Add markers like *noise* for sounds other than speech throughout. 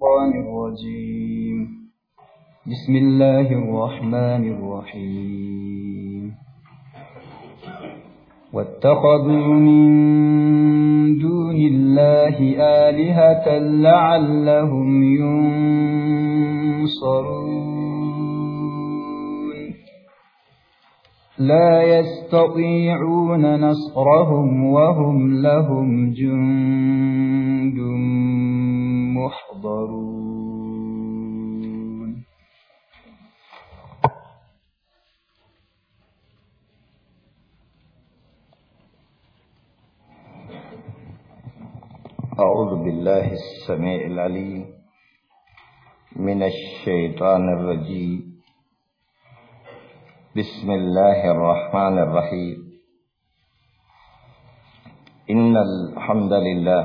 الشيطان الرجيم بسم الله الرحمن الرحيم واتخذوا من دون الله آلهة لعلهم ينصرون لا يستطيعون نصرهم وهم لهم جند محضرون أعوذ بالله السميع العليم من الشيطان الرجيم بسم الله الرحمن الرحيم إن الحمد لله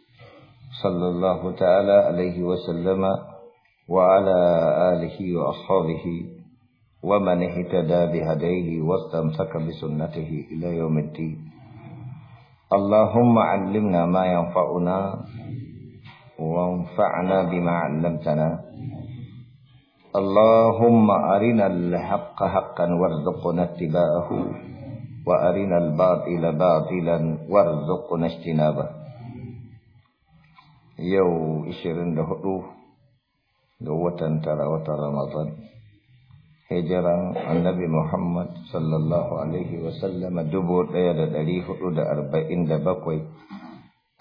صلى الله تعالى عليه وسلم وعلى آله وأصحابه ومن اهتدى بهديه واستمسك بسنته إلى يوم الدين اللهم علمنا ما ينفعنا وانفعنا بما علمتنا اللهم أرنا الحق حقا وارزقنا اتباعه وأرنا الباطل باطلا وارزقنا اجتنابه yau 24 ga watan tara wata ramadan hijiran annabi muhammad sallallahu alaihi wasallam dubu ɗaya da dari hudu da arba'in da bakwai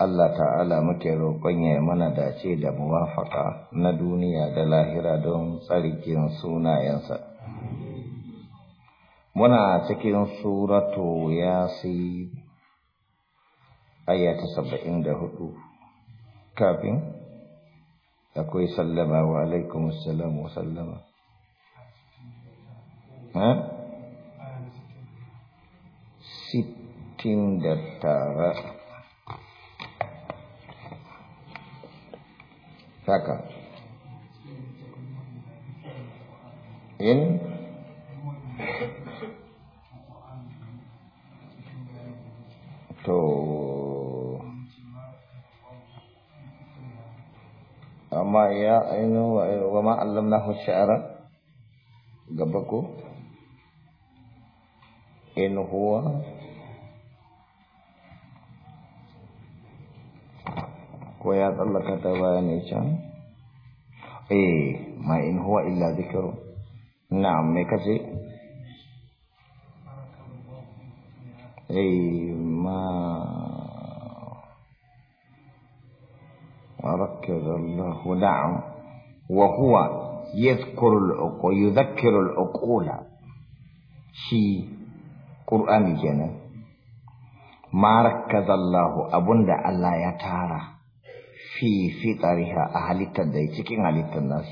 Allah ta'ala muke roƙon ya mana dace da muwafaka na duniya da lahira don tsarkin sunayensa muna cikin suratu ya aya ta saba'in da hudu kafin akwai sallama wa alaikum assalam wa sallama ha sittin da tara haka in وما يا إنه وما علمناه الشعر قبكو إن هو ويا الله كتبا نيشان إيه ما إن هو إلا ذكر نعم ميكسي إيه ما وركز الله نعم وهو يذكر العقول يذكر العقول شي قرآن جنة ما ركز الله أبند الله يتارى في فطرها أهل التدعي تكين أهل الناس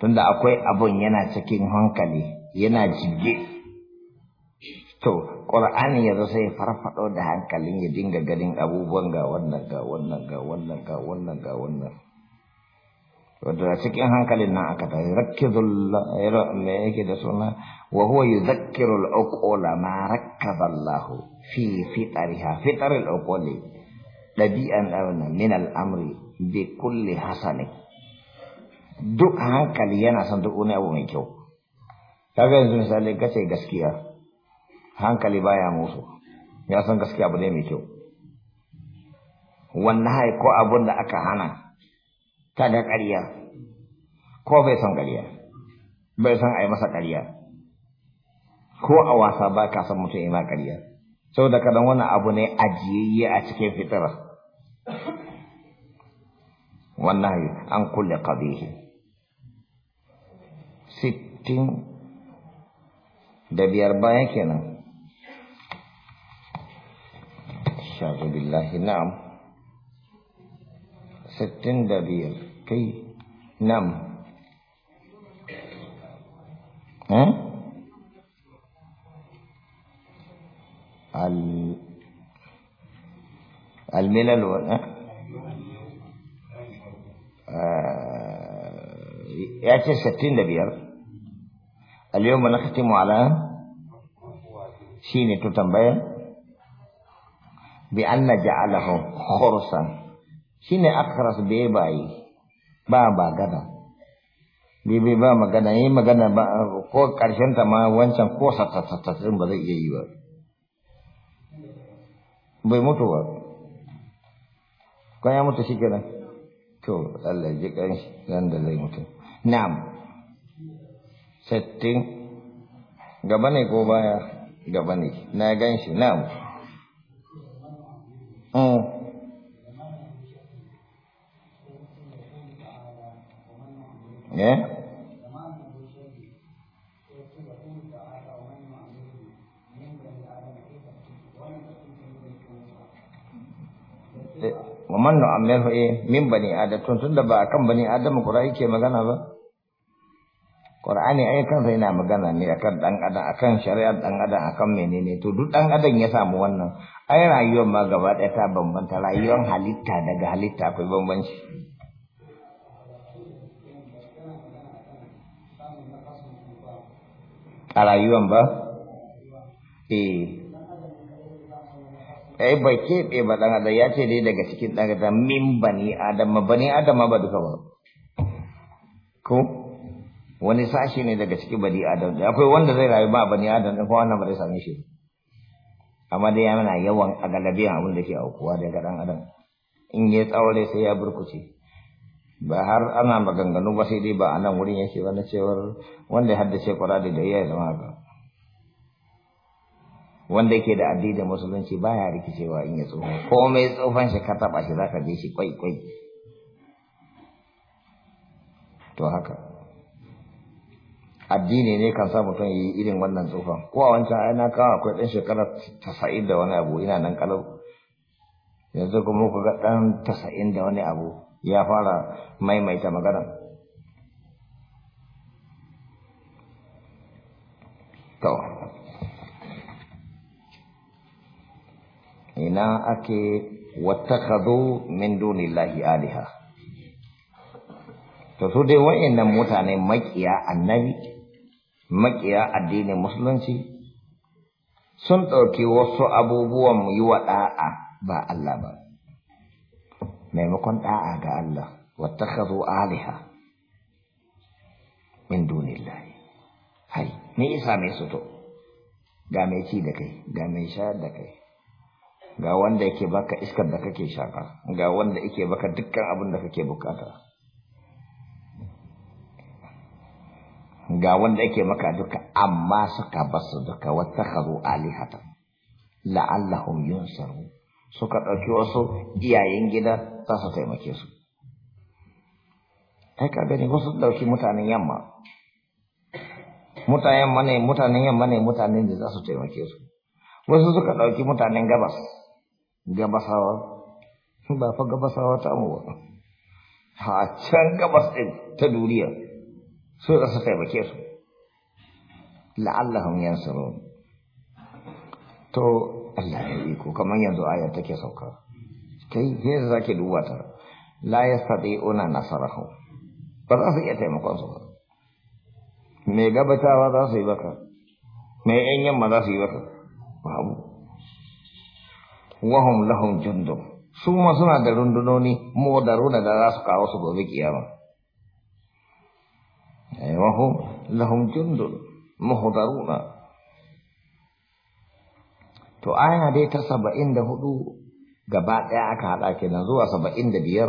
tunda akwai abun yana cikin hankali yana jige to القرآن يا رسي فرفت ودهان كلين يدين غدين أبو بانغا ونغا ونغا ونغا ونغا ونغا ودرا سكين هان كلين ناكتا ركز الله وهو يذكر الأقول ما ركب الله في فطرها فطر الأقول لبيئا أرنا من الأمر بكل حسنه duk hankali yana son duk wani abu mai kyau ta ga hankali baya musu ya san gaskiya abu ne mai kyau wannan hai ko abun da aka hana ta ga ƙarya ko bai san ƙarya bai san a yi masa ƙarya ko a wasa ba ka san mutum ina ƙarya da kadan wannan abu ne ajiyayye a cikin fitira wannan an kulle ƙabihi sittin da biyar bayan kenan والعشاق بالله نعم ستين دبير كي نعم ها الملل ولا آه، يأتي ستين دبير اليوم نختم على شيني تتنبيه bi anna ja'alahu khursan shine akras be bai ba ba gada bi bi ba magana yi magana ba ko karshen ta ma wancan ko satatatatun ba zai iya yi ba bai mutu ba kan ya mutu shi kenan to Allah ji kan nan da zai mutu na'am sittin gaba ne ko baya gaba ne na gan shi na'am اه ايه wa man nu'ammirhu eh min bani adam tun da ba kan bani adam kura ke magana ba Qur'ani ai kansa yana magana ne akan dan adam akan shari'ar dan adam akan menene to duk dan adam ya samu wannan ai rayuwar ma gaba ɗaya ta bambanta rayuwar halitta daga halitta akwai bambanci a ah, rayuwar ba eh ai eh, bai keɓe eh, ba dan adam ya ce dai daga cikin dan adam min bani adam bani adam ba duka ba ko wani sashi ne daga cikin bani adam akwai wanda zai rayu ba bani adam ɗin kuma wannan ba zai same shi amma dai ya mana yawan a galabiyan abin da ke aukuwa daga ɗan adam in ya tsaure sai ya burkuce ba har ana maganganu ba sai dai ba a nan wurin yake ba na cewar wanda ya haddace kwara da ya zama ba wanda ke da addinin musulunci baya rikicewa in ya ko komai tsofan shi ka taba shi zaka je shi kwai kwai to haka addini ne kan sa mutum yi irin wannan tsufan ko a wancan ai na kawo akwai ɗan shekara tasa'in da wani abu ina nan kalau yanzu kuma ku ga ɗan tasa'in da wani abu ya fara maimaita magana to ina ake wattakhadhu min dunillahi aliha to su dai wa'annan mutane makiya annabi maƙiya addinin musulunci sun ɗauki wasu abubuwan mu yi wa ɗa'a ba Allah ba maimakon ɗa'a ga Allah wata zo aliha min lahi hai ni isa mai suto ga mai ci da kai ga mai shayar da kai ga wanda yake baka iskar da kake shaka ga wanda yake baka dukkan abin da kake bukata ga wanda yake maka duka amma suka basu duka wata kazo alihata la'allahum yunsaru suka ɗauki wasu iyayen gida za su taimake su kai ka gani wasu ɗauki mutanen yamma mutanen mane mutanen yamma ne mutanen da za su taimake su wasu suka ɗauki mutanen gabas gabasawa ba fa gabasawa ta mu ba a can gabas ɗin ta duniya so da su taimake su la'allahum yansurun to Allah ya yi ko kamar yanzu ayar take sauka kai ne ki duba ta la yastati'una nasarahu ba za su iya taimakon su ba mai gabatawa za su yi baka mai yan yamma za su yi baka babu wahum lahum jundum su ma suna da rundunoni runa da za su kawo su gobe kiyama وهم لهم جند muhdaruna to aya dai ta saba'in da hudu gaba ɗaya aka haɗa kenan zuwa saba'in da biyar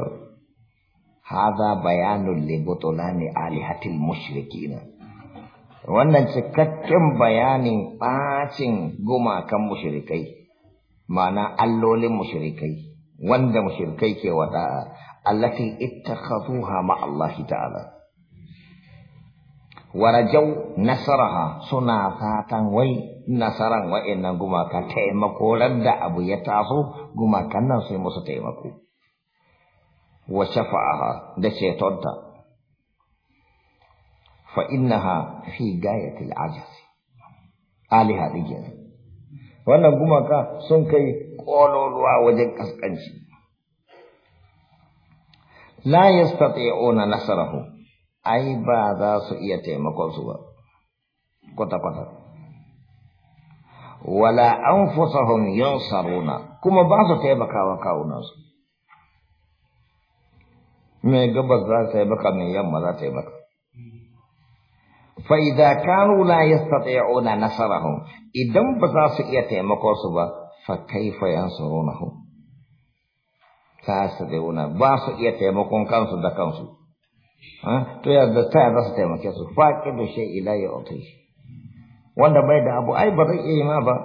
haza bayanin bayanun a alihatil mushrikina wannan cikakken bayanin ɓacin gumakan mushrikai mana allolin mushrikai wanda mushrikai ke wada allati ittakhadhuha ma Allah ta'ala warajau nasaraha suna fatan wai nasaran wa'annan gumaka taimako da abu ya taso gumakan nan sai musu taimako wa shafa'aha da cetonta fa innaha fi gayatil ajaz aliha dikin wannan gumaka sun kai kololuwa wajen kaskanci la ona nasarahu ai ba za su iya taimakon su ba kwata-kwata wala an anfusahum saruna. kuma ba su taimaka wa kawunansu mai gabas za ta taimaka mai yamma za ta taimaka fa idza kanu ona yastati'una nasarahum idan ba za su iya taimakon su ba fa kaifa yansurunahum ta sabiuna ba su iya taimakon kansu da kansu to da ta za su taimake su faƙi da shi ila ya otai wanda bai da abu ai ba zai iya yi ma ba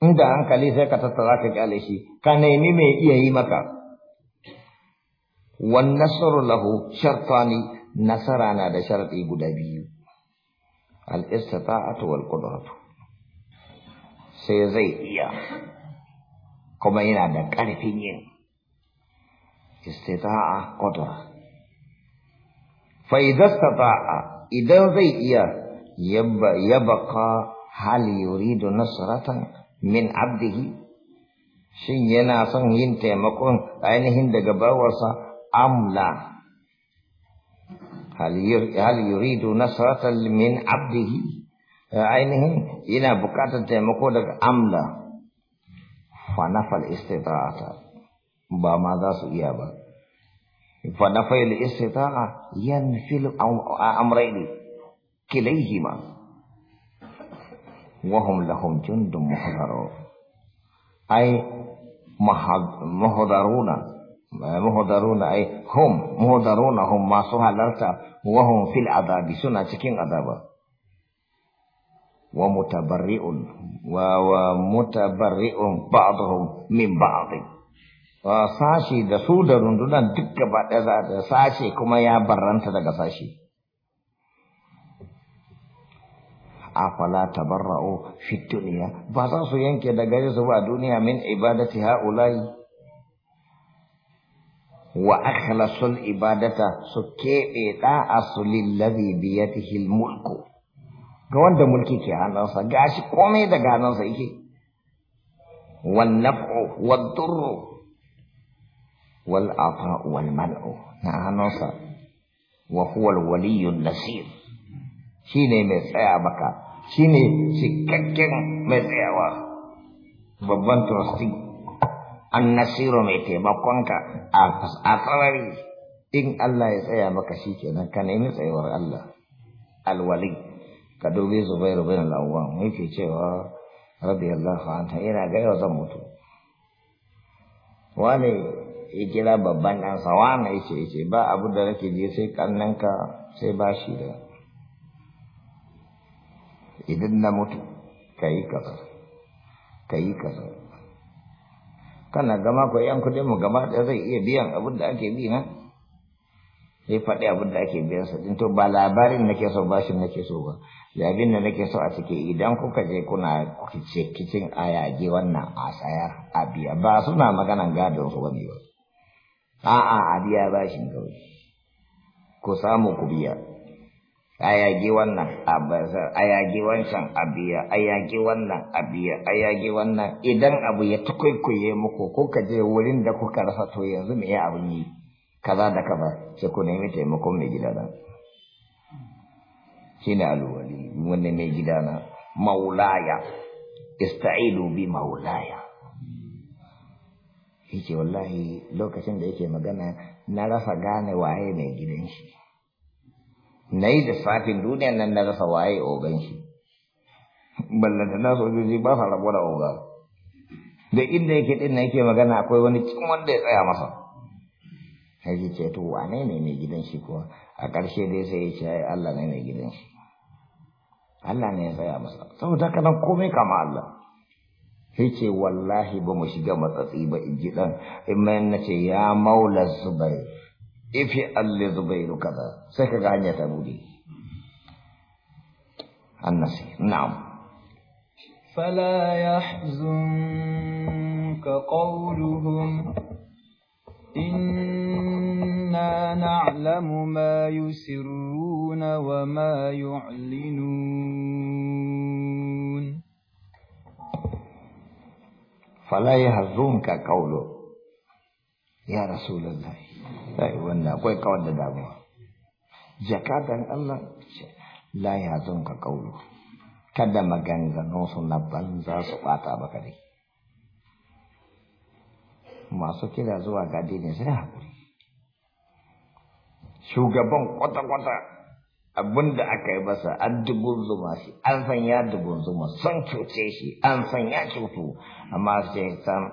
inda hankali sai ka tattara ka kyale shi ka nemi mai iya yi maka wan nasaru lahu shartani nasara na da sharti guda biyu al istata'atu wal qudratu sai zai iya kuma yana da ƙarfin yin istita'a qudra fa idastata'a idan zai iya yabaka hal yuridu nasratan min abdihi shin yana son yin taimakon ainihin daga bawarsa amla hal yuridu nasratan min abdihi ainihin yana bukatar taimako daga amla fa nafal istita'ata ba ma za su iya ba فنفي الاستطاعة ينفي الأمرين كليهما وهم لهم جند محضرون أي محضرون محضرون أي هم محضرون هم ما سهلت وهم في العذاب سنة تكين عذاب ومتبرئ ومتبرئ بعضهم من بعض sashi da su da rundunan duk gaba ɗaya da sashi kuma ya barranta daga sashi fala tabarra'u fi duniya ba za su yanke da gare su ba duniya min ibadati ha'ulai wa akhlasul ibadata su keɓe ɗa'asu lillazi biyatihi mulku ga wanda mulki ke hannunsa gashi komai da ganansa yake wan naf'u wad durru wal afa wal mal'u na hannunsa wa huwa al nasir shine mai tsaya maka shine cikakken mai babban trustee an nasiru mai taimakonka a farari in Allah ya tsaya maka shi kenan ka nemi tsayuwar Allah alwali ka dubi zubairu bin al'awwan yake cewa radiyallahu ina ga yau zan mutu wane ya kira babban ɗan sawa na yace yace ba abu da nake je sai ka sai ba shi da idan na mutu ka yi kaza ka yi kaza kana gama ko yan kuɗin mu gama da zai iya biyan abin da ake bi na sai faɗi abin da ake biyan sa to ba labarin nake so ba shi nake so ba labin da nake so a cike idan kuka je kuna kicin aya je wannan a tsayar a biya ba suna maganan gadon su wani ba a'a a biya bashin kawai ku samu ku biya a yage wannan a yage wancan abiya biya a yage wannan abiya biya a wannan idan abu ya tukwaikwaye muku kuka je wurin da kuka rasa to yanzu me ya abin yi kaza da kaza sai ku nemi taimakon mai gida na. shine alwali wannan mai gida na. maulaya ista'idu bi maulaya yake wallahi lokacin da yake magana na rasa gane waye mai gidan shi na yi lissafin duniya nan na rasa waye ogan shi ballanta na sojoji ba sa rabuwa da oga da inda yake din na yake magana akwai wani cin wanda ya tsaya masa haji ce to wane ne mai gidan shi kuwa a ƙarshe dai sai ya ce Allah ne mai gidan shi Allah ne ya tsaya masa saboda kana komai kama Allah sai ce wallahi ba mu shiga matsatsi ba in ji ɗan in mai na ce ya maula zubai ifi alli zubai kaza sai ka ganya ta bude annasi na'am فلا يحزنك قولهم إنا نعلم ما يسرون وما يعلنون fala yahzunka qawlu ya rasulullah sai wannan akwai kawar da damuwa الله لا يهزون yahzunka kada maganganun su na za su bata ba dai masu kira zuwa ga addini sai hakuri shugaban kwata-kwata abin da aka yi masa an dubun zuma shi an san ya dubun zuma son cuce shi an san ya cutu amma sai san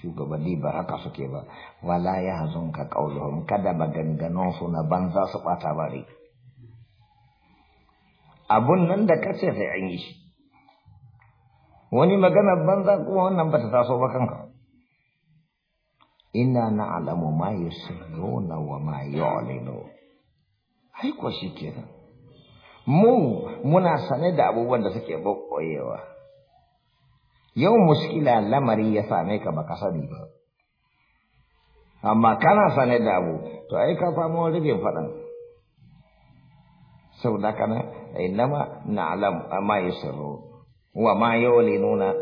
shugabanni ba haka suke ba wala ya hazon ka kauluhum kada maganganun su na banza su bata ne. abun nan da kace sai an yi shi wani magana banza kuma wannan bata taso ba kanka Ina na alamu ma yusirruna wa ma yu'linun Aiko shi kenan. Mu muna sane da abubuwan da suke bakoyewa Yau muskila lamari ya same ka baka sani ba. Amma kana sane da abu, to ai ka famo rubin faɗan. Saboda kana na na'lam amma yusirru wa ma nuna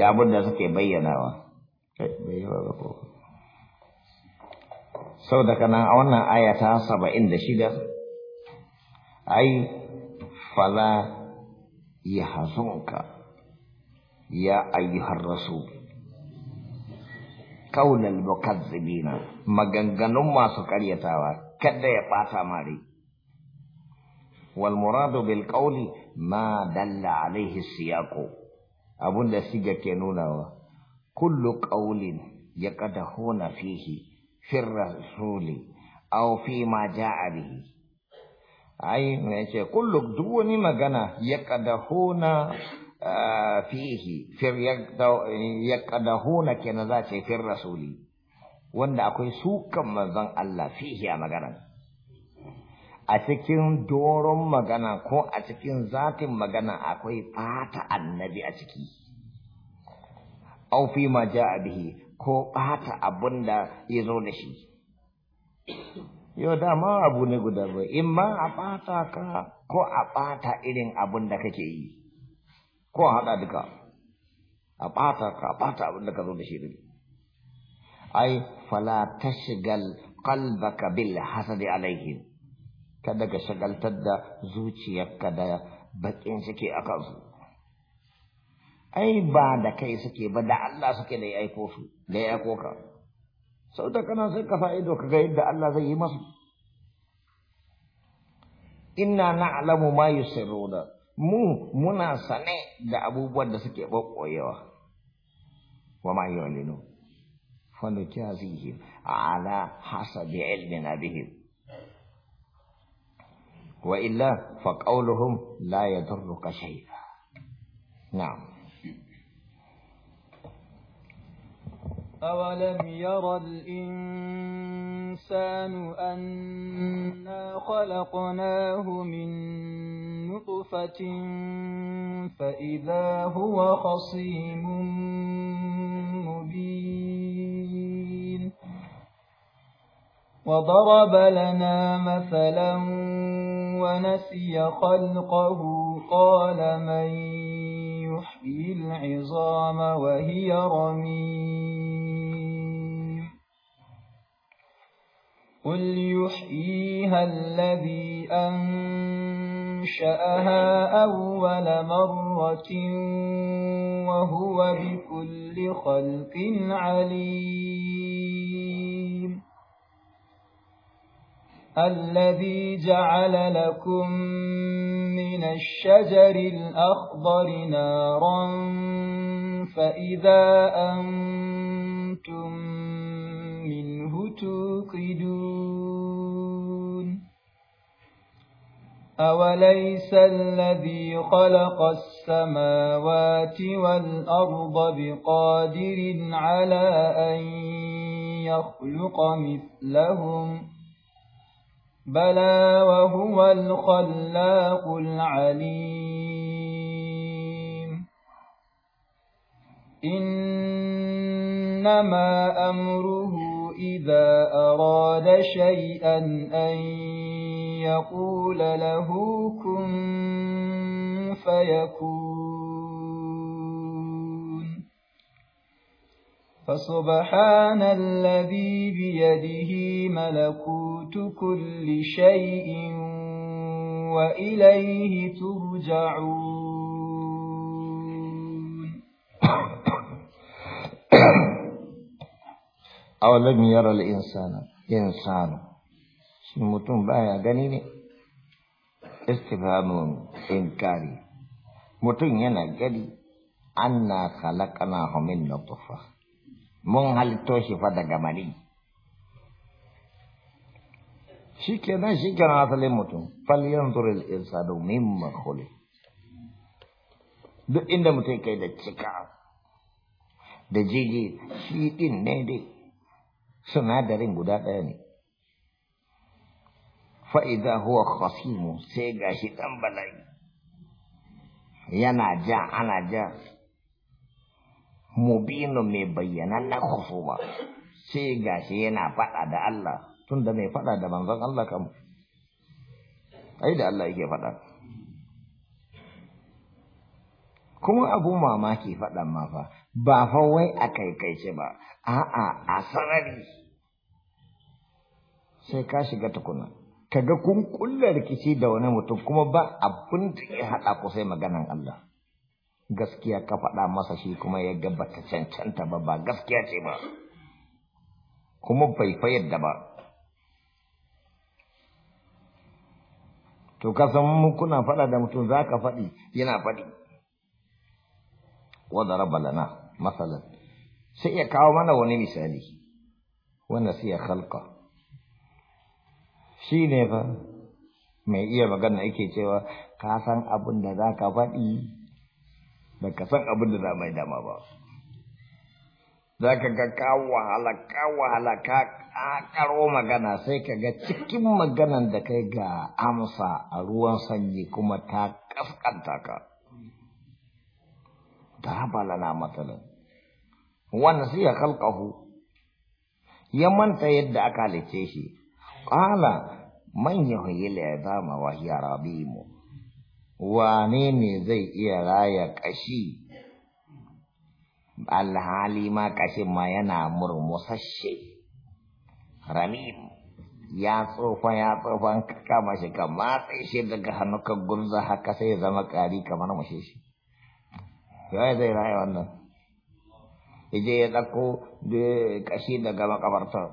da abin da suke bayyanawa. Eh, Saboda kana a wannan aya ta saba'in da shida ai fala ya hasunka ya ayyuhar rasu kaulal mukazzibina maganganun masu karyatawa kada ya bata mare wal muradu bil qawli ma dalla alaihi siyako. abunda siga ke nunawa kullu qawlin yaqadahuna fihi fi rasuli aw fi ma ja'a bihi ai me ce kullu duk wani magana ya kadahuna fihi fir ya kadahuna kenan za ce fir rasuli wanda akwai sukan manzon Allah fihi a magana a cikin doron magana ko a cikin zatin magana akwai fata annabi a ciki aufi fi ma ja'a bihi ko bata abunda ya zo da shi yau dama abu ne guda ba in ma a ɓata ka ko a ɓata irin abin da kake yi ko a haɗa duka a ɓata ka a ɓata abin da ka zo da shi ne ai fala ta shigal qalbaka bil hasadi alaihi, kada ka shagaltar da zuciyarka da baƙin suke a kansu ai ba da kai suke ba da Allah suke da ya aiko su da ya aiko ka sau da kana sai ka fa'ido ka ga yadda Allah zai yi masu inna na'lamu ma yusirruna mu muna sane da abubuwan da suke bakkoyewa wa ma yu'linu fa nujazihim ala hasabi ilmina bihim وإلا فقولهم لا يضرك شيئا نعم أولم ير الإنسان أنا خلقناه من نطفة فإذا هو خصيم مبين وضرب لنا مثلا ونسي خلقه قال من يحيي العظام وهي رميم قل يحييها الذي أنشأها أول مرة وهو بكل خلق عليم الذي جعل لكم من الشجر الأخضر نارا فإذا أنتم توقدون أوليس الذي خلق السماوات والأرض بقادر على أن يخلق مثلهم بلى وهو الخلاق العليم إنما أمره إذا أراد شيئا أن يقول له كن فيكون فسبحان الذي بيده ملكوت كل شيء وإليه ترجعون *coughs* awalam yara al-insana insanu shi mutum baya gani ne istifhamun inkari mutum yana gani anna khalaqnahu min nutfa mun halitto shi fa daga mani shikenan shikenan asalin mutum fal yanzur al insanu mimma khuliq duk inda mutum kai da cika da jigi shi din ne dai sinadarin guda ɗaya ne fa'iza huwa khasimu sai gashi ɗan bala'i yana ja ana ja mubinu mai bayyanan na kusuma sai gashi yana faɗa da Allah tunda me faɗa da manzon Allah kamu. ai da Allah ike faɗa kuma abu mamaki faɗan ma fa ba fa wai a kaikaice ba a'a a sarari sai ka shiga tukuna kaga kun kulla rikici da wani mutum kuma ba abin da ya haɗa ku sai maganan Allah gaskiya ka faɗa masa shi kuma ya gabata cancanta ba ba gaskiya ce ba kuma bai fa yadda ba to ka san mu kuna faɗa da mutum zaka faɗi yana faɗi wa daraba lana masalan sai ya kawo mana wani misali wanda sai ya khalqa shi ne fa mai iya magana yake cewa ka san abin da za ka faɗi ba ka san abin da za mai dama ba za ka ga ka wahala ka wahala ka magana sai ka ga cikin maganan da kai ga amsa a ruwan sanyi kuma ta ƙasƙanta ka. ضرب لنا مثلا ونسي خلقه ya manta yadda aka halice shi ƙala man ya zama wa shi hiya rabimu wane ne zai iya raya ƙashi? alhali ma ƙashin ma yana murmusashe Ramin ya tsofa ya tsofa kama shi ka matse shi daga hannukan gurza haka sai ya zama ƙari kamar mashi shi yaya zai raya wannan ije ya ɗauko da ƙashi daga makabartar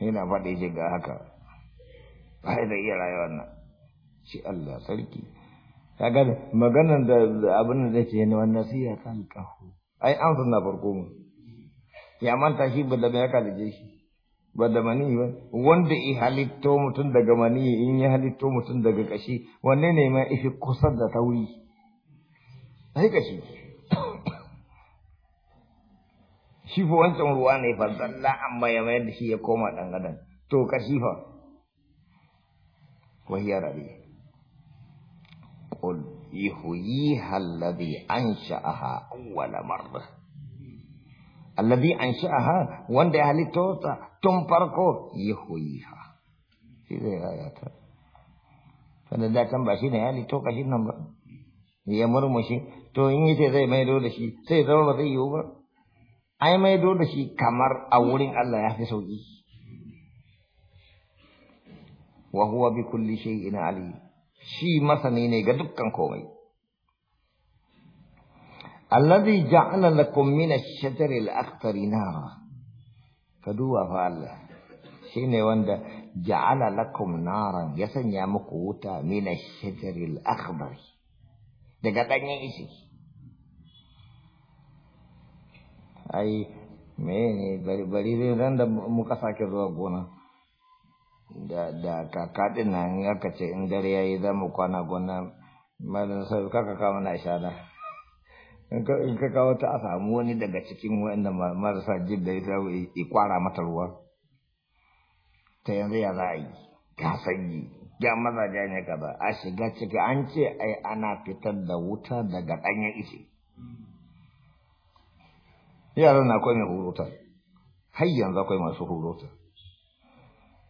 yana faɗi shi ga haka ba da iya raya wannan shi Allah sarki kaga maganar da abin da ce ne wannan siya kan kahu ai an san na farko mu ya manta shi ba da ya kalle shi ba mani ba wanda i halitto mutum daga mani in ya halitto mutum daga kashi wanne ne ma ifi kusa da tauri sai ka shi shi fa wancan ruwa ne fa zalla amma ya mayar da shi ya koma dan gadan to ka shi fa wahiya rabi qul yuhyiha alladhi ansha'aha awwala marra alladhi ansha'aha wanda ya halitta ta tun farko yuhyiha shi zai raya ta wanda da can ba shi ne ya halitto ka shi nan ba ya murmushi to in yace zai maido da shi sai zama ba zai yiwu ba ai maido da shi kamar a wurin Allah ya fi sauki wa huwa bi kulli shay'in alim shi masani ne ga dukkan komai alladhi ja'ala lakum min ash-shajari al-akhtari nara kaduwa fa Allah shine wanda ja'ala lakum naran ya sanya muku wuta min ash-shajari al-akhdari daga danyen ishi ai mene bari bari zai ran da muka sake zuwa gona da da kaka din nan aka ce in dare yayi za mu kwana gona malam sai kaka ka na ishara in ka kawo ta a samu wani daga cikin wanda marasa jin da ya kwara mata ruwa ta yanzu ya za a ka sanyi ya mazaje ne kaza a shiga ciki an ce ai ana fitar da wuta daga ɗanyen ishi yaran na akwai mai hurota, har yanzu akwai masu hurota.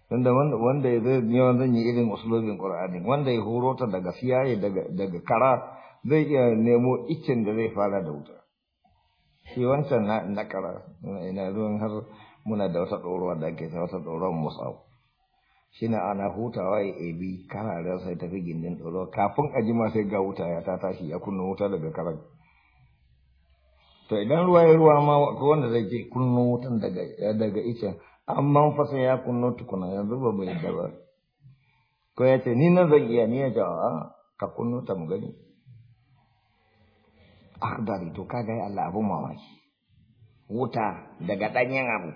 tunda wanda ya zai yawan zan yi irin usulobin qur'ani wanda ya hurota daga siyaye daga kara zai iya nemo icin da zai fara da wuta shi wancan na na kara ina zuwan har muna da wata ɗorowa da ake sa wata ɗorowar musau na ana hutawa ya ebi kararar sai tafi gindin ɗoro kafin a jima sai ga wuta ya ta tashi ya kunna wuta daga karar to idan ruwa ya ruwa ma wanda zai je kunno wutan daga daga icen amma fa sai ya kunno tukuna yanzu ba bai da ba ko ya ce ni na zan iya ni ya ce ka kunno ta mu gani akhdari to kaga ya Allah abu mamaki wuta daga danyen abu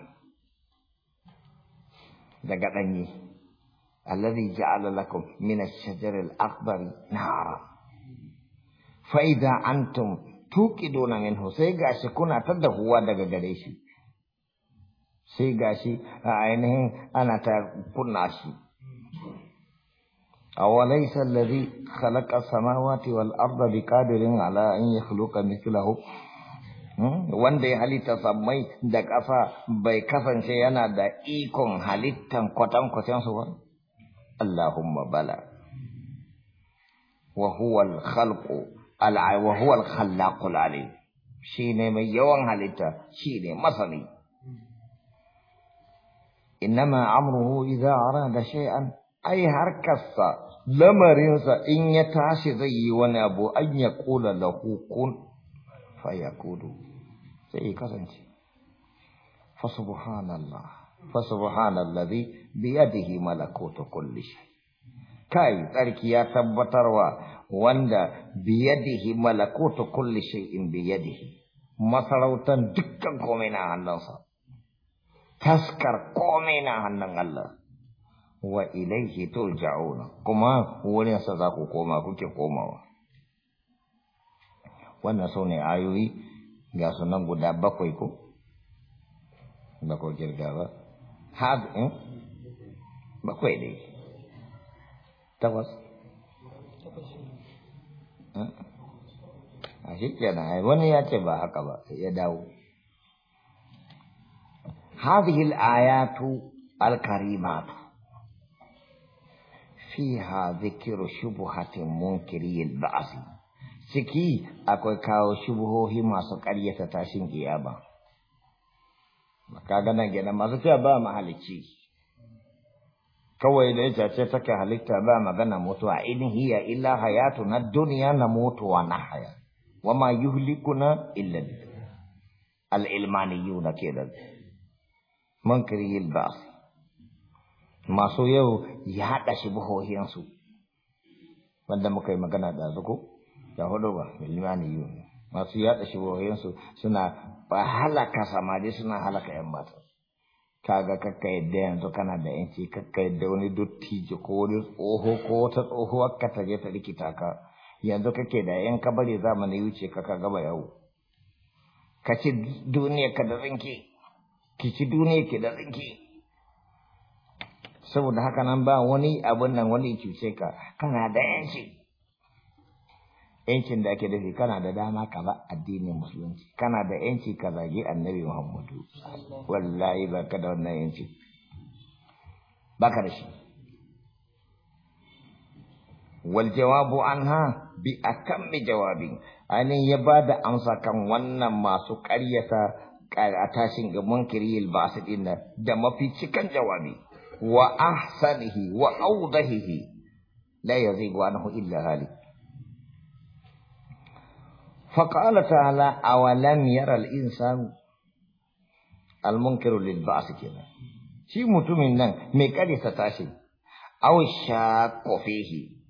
daga danye alladhi ja'ala lakum min ash-shajari al-akhdari nara fa idha antum tuki dona minhu sai gashi kuna ta dahuwa daga gare shi sai gashi a ainihin ana ta kunna shi أوليس الذي خلق السماوات والأرض بقادر على أن يخلق مثله wanda ya halitta samai da ƙasa bai kasance yana da ikon halittan kwatankwacen su ba Allahumma bala wa huwa khalqu وهو الخلاق العليم شيني من يوان هلتا شيني مصني إنما عمره إذا أراد شيئا أي هركس لمرنسا إن يتاشي زي ونأبو أن يقول له كن فيقول سيكسنج فسبحان الله فسبحان الذي بيده ملكوت كل شيء كاي تركيا ya wanda biyadihi malakutu kulli shay'in biyadihi masarautan dukkan komai na hannunsa taskar komai na hannun Allah wa ilaihi turja'un kuma sa za ku koma kuke komawa wannan sau ne ayoyi ga sunan guda bakwai ko bakwai girga ba eh? bakwai dai takwas a shi kenan ai wani ya ce ba haka ba ya dawo hadhihi al-ayatu al fiha dhikru shubhatin munkiri al ciki akwai kawo shubuhohi masu ƙaryata tashin giya ba ka gana gina masu cewa ba mahalicci kawai da ce take halitta ba magana mutuwa in hiya illa hayatuna dunya na mutuwa na haya wama yuhlikuna illa al-ilmaniyuna kenan munkari al-ba'th masu yau ya hada shi buhohiyan su wanda muka yi magana da zuko da hudu ba ilmaniyuna masu hada shi buhohiyan su suna halaka samaje suna halaka yan mata kaga kakka yadda yanzu kana da yanci kakka yadda wani dottijo ko wani tsoho ko wata tsohuwar ka ta je ta rikita ka yanzu kake da yan bari zamani wuce ka ka gaba yau ka ci duniya ka da tsinke ki ci duniya ki da tsinke saboda haka nan ba wani abun nan wani cuce ka kana da yanci yancin da ake dafi kana da dama ka ba addinin musulunci kana da yanci ka zagi annabi muhammadu wallahi ba ka da wannan yanci ba ka da shi wal jawabu anha bi akammi jawabin ainihin ya ba da amsa kan wannan masu ƙaryata a tashin ga munkiri basu din da mafi cikan jawabi wa ahsanihi wa audahihi la yazigu anhu illa halik فقال تعالى اولم ير الانسان المنكر للبعث كده شي متومين نان مي كاري ستاشي او شاك فيه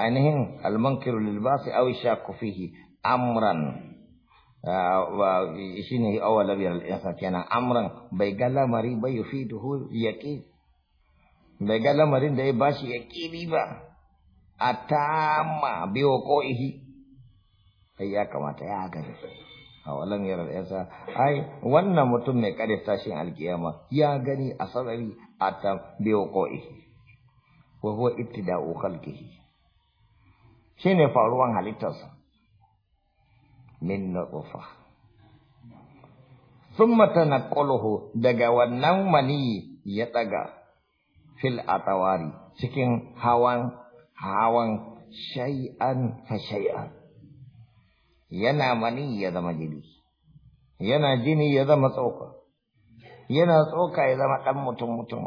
ainihin almankiru lilbasi aw shakku fihi amran shine awal labiyar al kenan amran bai ga lamari bai duhu yaqin bai ga lamarin da ya bashi yaqini ba atama bi ihi sai ya kamata ya haka ne a yara da yasa ai wannan mutum mai kare tashin alkiyama ya gani a sarari a ta biyo ko'i wa huwa ibtida'u khalqihi shine faruwan halittarsa min nutfa thumma koloho daga wannan mani ya daga fil a atawari cikin hawan hawan shay'an fa shay'an yana mani ya zama jini yana jini ya zama tsoka yana tsoka ya zama ɗan mutum mutum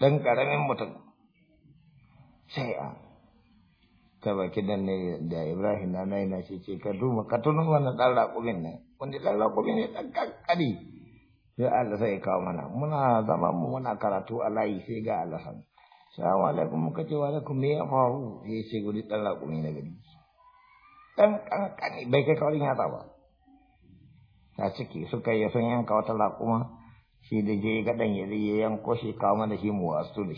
ɗan ƙaramin mutum sai a ta baki dan ne da ibrahim na na shi ce ka duma ka tunu wannan ɗan raƙumin ne wanda ɗan raƙumin ne dan ƙanƙani sai allah sai kawo mana muna zama mu muna karatu a layi sai ga alhasan salamu alaikum muka ce wa alaikum me ya faru ya ce guri ɗan raƙumi na gari ɗan ƙanƙani bai kai kau ingat apa? ta ciki suka yi sun yanka wata laƙuma shi da je ga ya ya yanko shi kawo mana shi mu wasu da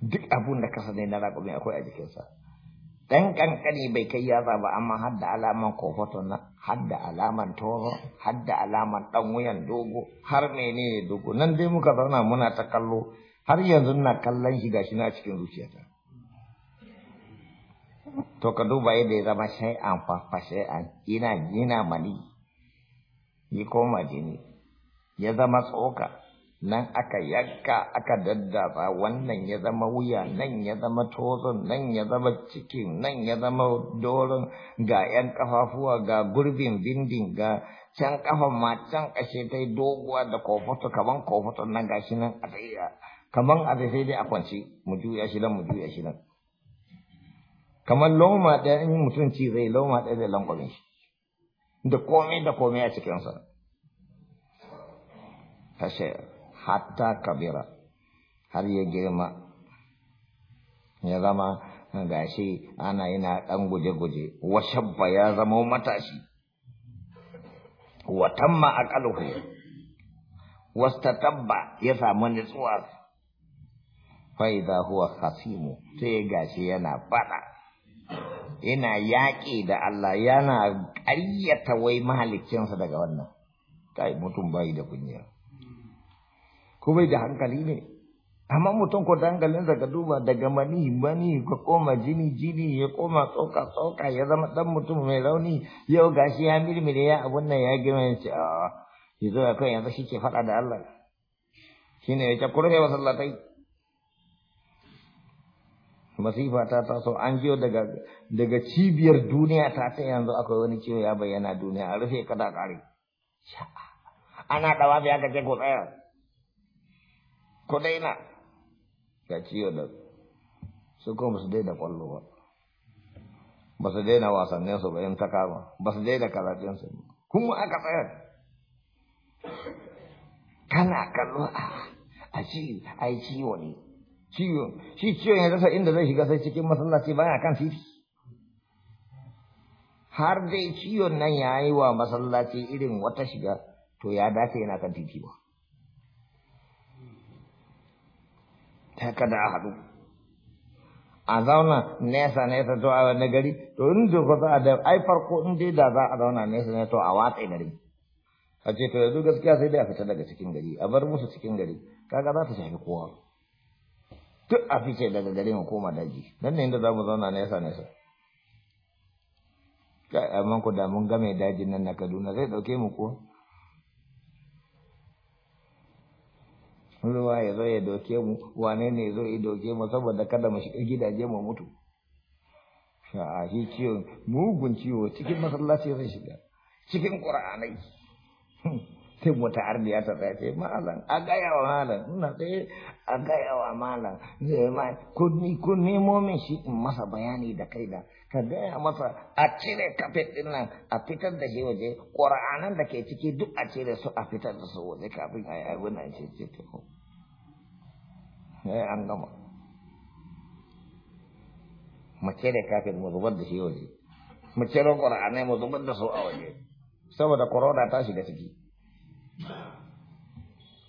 duk abun da kasa ne na aku akwai a jikinsa ɗan ƙanƙani bai kai ya ba amma hadda da alaman foto na hadda alaman toro hadda alaman ɗan wuyan dogo har menene dogo nan dai muka zauna muna ta kallo har yanzu na kallon shi gashi na cikin zuciyata to ka duba yadda ya zama an fa shay'an ina gina mani yi koma jini ya zama tsoka nan aka yanka aka daddafa wannan ya zama wuya nan ya zama tozon nan ya zama cikin nan ya zama doron ga yan kafafuwa ga gurbin bindin ga can kafan ma can kashe ta yi doguwa da kofoto kaman kofoto nan gashi nan a tsaye kaman a sai dai a kwanci mu juya shi nan mu juya shi nan kamar loma ɗaya in mutum ci zai loma ɗaya da langwame shi da komai da komai a cikinsa tashe hatta kabira har ya girma ya zama gashi ana yana ɗan guje-guje washabba ya zama matashi watamma wasta tabba ya samu nitsuwa fa huwa Hasimu sai gashi yana faɗa. yana yaƙi da Allah yana ƙaryata wai mahaliccinsa daga wannan kai mutum bai da kunya ko bai da hankali ne amma mutum ko da hankalin ka duba daga mani mani ka koma jini jini ya koma tsoka tsoka ya zama dan mutum mai rauni yau gashi ya mirmire ya abun nan ya girma ya ce a ah, yanzu yanzu shi ke faɗa da Allah shine ya ce kurhe wa sallatai masifa ta taso an jiyo daga daga cibiyar duniya ta ta yanzu akwai wani ciwo ya bayyana duniya a rufe kada kare ana dawa biya ga jego tsaya ko daina ga ciwo da su kuma su daina kwallo ba ba su daina wasannin su ba in ta kama ba su daina karatun su kuma aka tsaya kana kallo ah, a ci ai ciwo ne ciwo shi ciwon ya rasa inda zai shiga sai cikin masallaci baya kan titi har dai ciwon nan ya yi wa masallaci irin wata shiga to ya dace yana kan titi ba ta kada a haɗu a zauna nesa nesa to a wani gari to in da ku za da ai farko in dai da za a zauna nesa ne to a watsa gari a ce to yanzu gaskiya sai dai a fita daga cikin gari a bar musu cikin gari kaga za ta shafi kowa duk a fice daga gare mu koma daji nan ne inda za mu zauna nesa nesa amma ku da mun game dajin nan na kaduna zai dauke mu ko ruwa ya zo ya doke mu wane ne zo ya doke mu saboda kada mu shiga gidaje mu mutu sha'a shi ciwon mugun ciwo cikin masallaci zai shiga cikin ƙura'anai sai wata arniya ta tsaya ce malam a gaya wa malam ina sai a gaya wa malam zai ma ku nemo min shi in masa bayani da kai da ka gaya masa a cire kafe din nan a fitar da shi waje qur'anan da ke ciki duk a cire su a fitar da su waje kafin a yi abin nan ce ce ta ya an gama mu cire kafe mu zubar da shi waje mu cire ƙura'anai mu zubar da su a waje saboda corona ta shiga ciki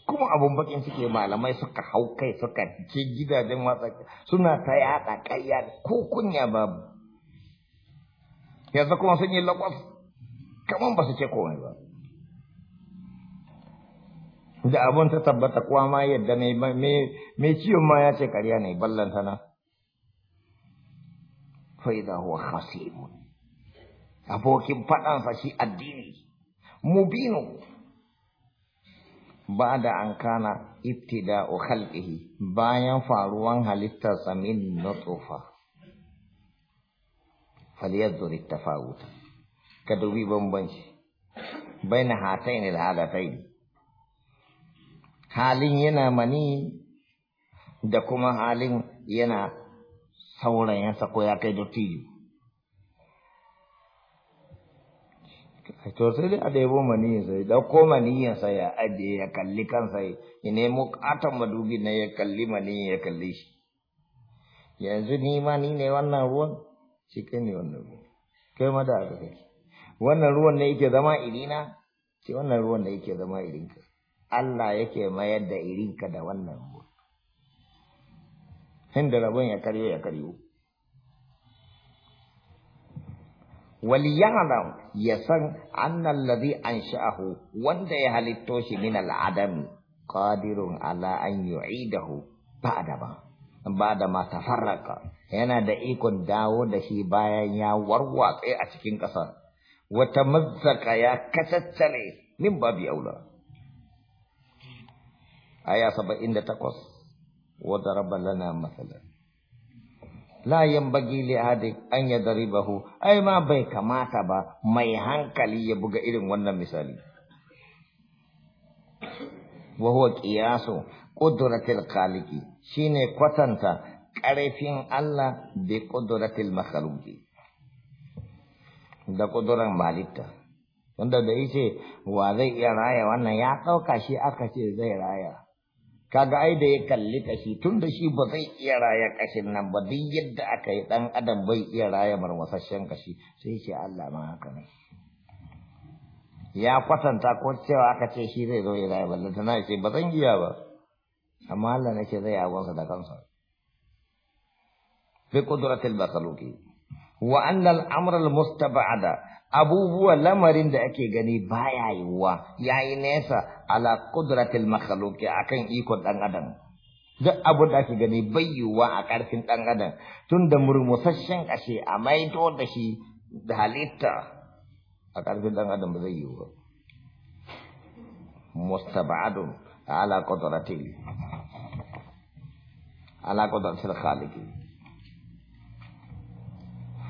kuma abun bakin suke malamai suka hau kai suka ke gidajen watsa suna ta yada kayya ko kunya babu yanzu kuma sun yi lakwas kamar ba su ce komai ba da abun ta tabbata kuwa ma yadda mai ciwon ma ya ce karya ne ballantana faida huwa khasimun abokin fadansa shi addini mubinu ba da an kana ibtida ukhalihi bayan faruwan halitta, min na tsofa faliyar tafawuta ka dubi bambanci bai na hatai ne da halatai halin yana mani da kuma halin yana saurayensa ko ya kai da tiyo to sai dai a mani ya sai mani ya sai ya ajiye ya kalli kansa ya nemo katon madubi na ya kalli maniyin ya kalli shi yanzu ni ma ni ne wannan ruwan shi kai ne wannan ruwan kai ma da aka kai wannan ruwan ne yake zama irina shi wannan ruwan ne yake zama irinka Allah yake mayar da irinka da wannan ruwan da rabon ya karyo ya karyo Waliyahala, ya san annan ladhi ansha'ahu wanda ya halitto shi min al'ada ne. Ƙadirun Ala anyi ya ƙidaho ba dama. Ba dama Yana da ikon dawo da shi bayan ya warwatsai a cikin ƙasa. Wata mataka ya kasance ne. Min ba biya Aya saba'in da takwas. Wata la bagi li ahadi an bahu, ai ma bai kamata ba mai hankali ya buga irin wannan misali wa huwa qiyasu qudratil khaliqi shine kwatanta karfin Allah bi qudratil makhluqi da kuduran malitta wanda da yace wa zai iya raya wannan ya ɗauka shi aka ce zai raya kaga ai da ya kalli kashi tun da shi ba zai iya raya kashin nan ba duk yadda aka yi dan adam bai iya raya marmasasshen kashi sai ce Allah ma haka ne ya kwatanta ko cewa aka ce shi zai zo ya raya ballanta na ce ba zan giya ba amma Allah nake zai abunsa da kansa bi qudratil basaluki wa anna al-amra al-mustab'ada abubuwan lamarin da ake gani baya yiwuwa ya yi nesa ala kudratil makhluqi akan ikon dan adam duk abu da ake gani bai yiwuwa a ƙarfin dan adam tunda murmusasshen kashe a to da shi da halitta a ƙarfin dan adam ba zai yiwu ba mustabadun ala kudratil ala kudratil khaliqi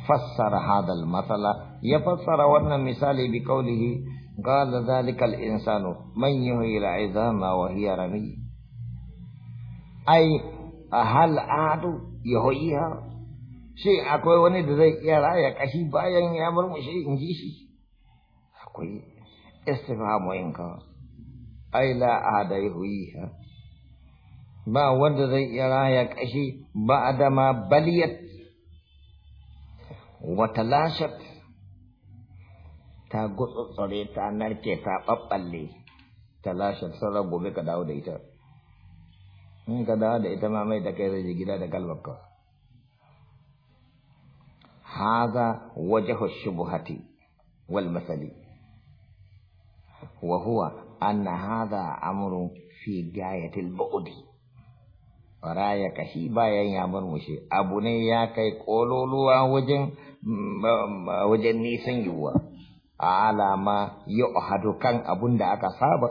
fassara hadal matsala ya fassara wannan misali bi kaulihi qala zalika al insanu man yuhyi al izama wa hiya rami ai hal adu yuhyiha shi akwai wani zai iya raya kashi bayan ya murmushe in ji shi akwai istifhamu in ai la ada ba wanda zai iya raya ba baliyat wata lashat ta gutsutsure ta narke ta ɓaɓɓalle ta lashat sauran gobe ka dawo da ita in ka dawo da ita ma mai da kai zai gida da galbarka haza wajahu shubuhati wal masali wa huwa anna hadha amrun fi gayatil bu'di raya kashi bayan ya murmushe abu ne ya kai kololuwa wajen Mm, wajen nisan yiwuwa a alama ya hadu kan abun da aka saba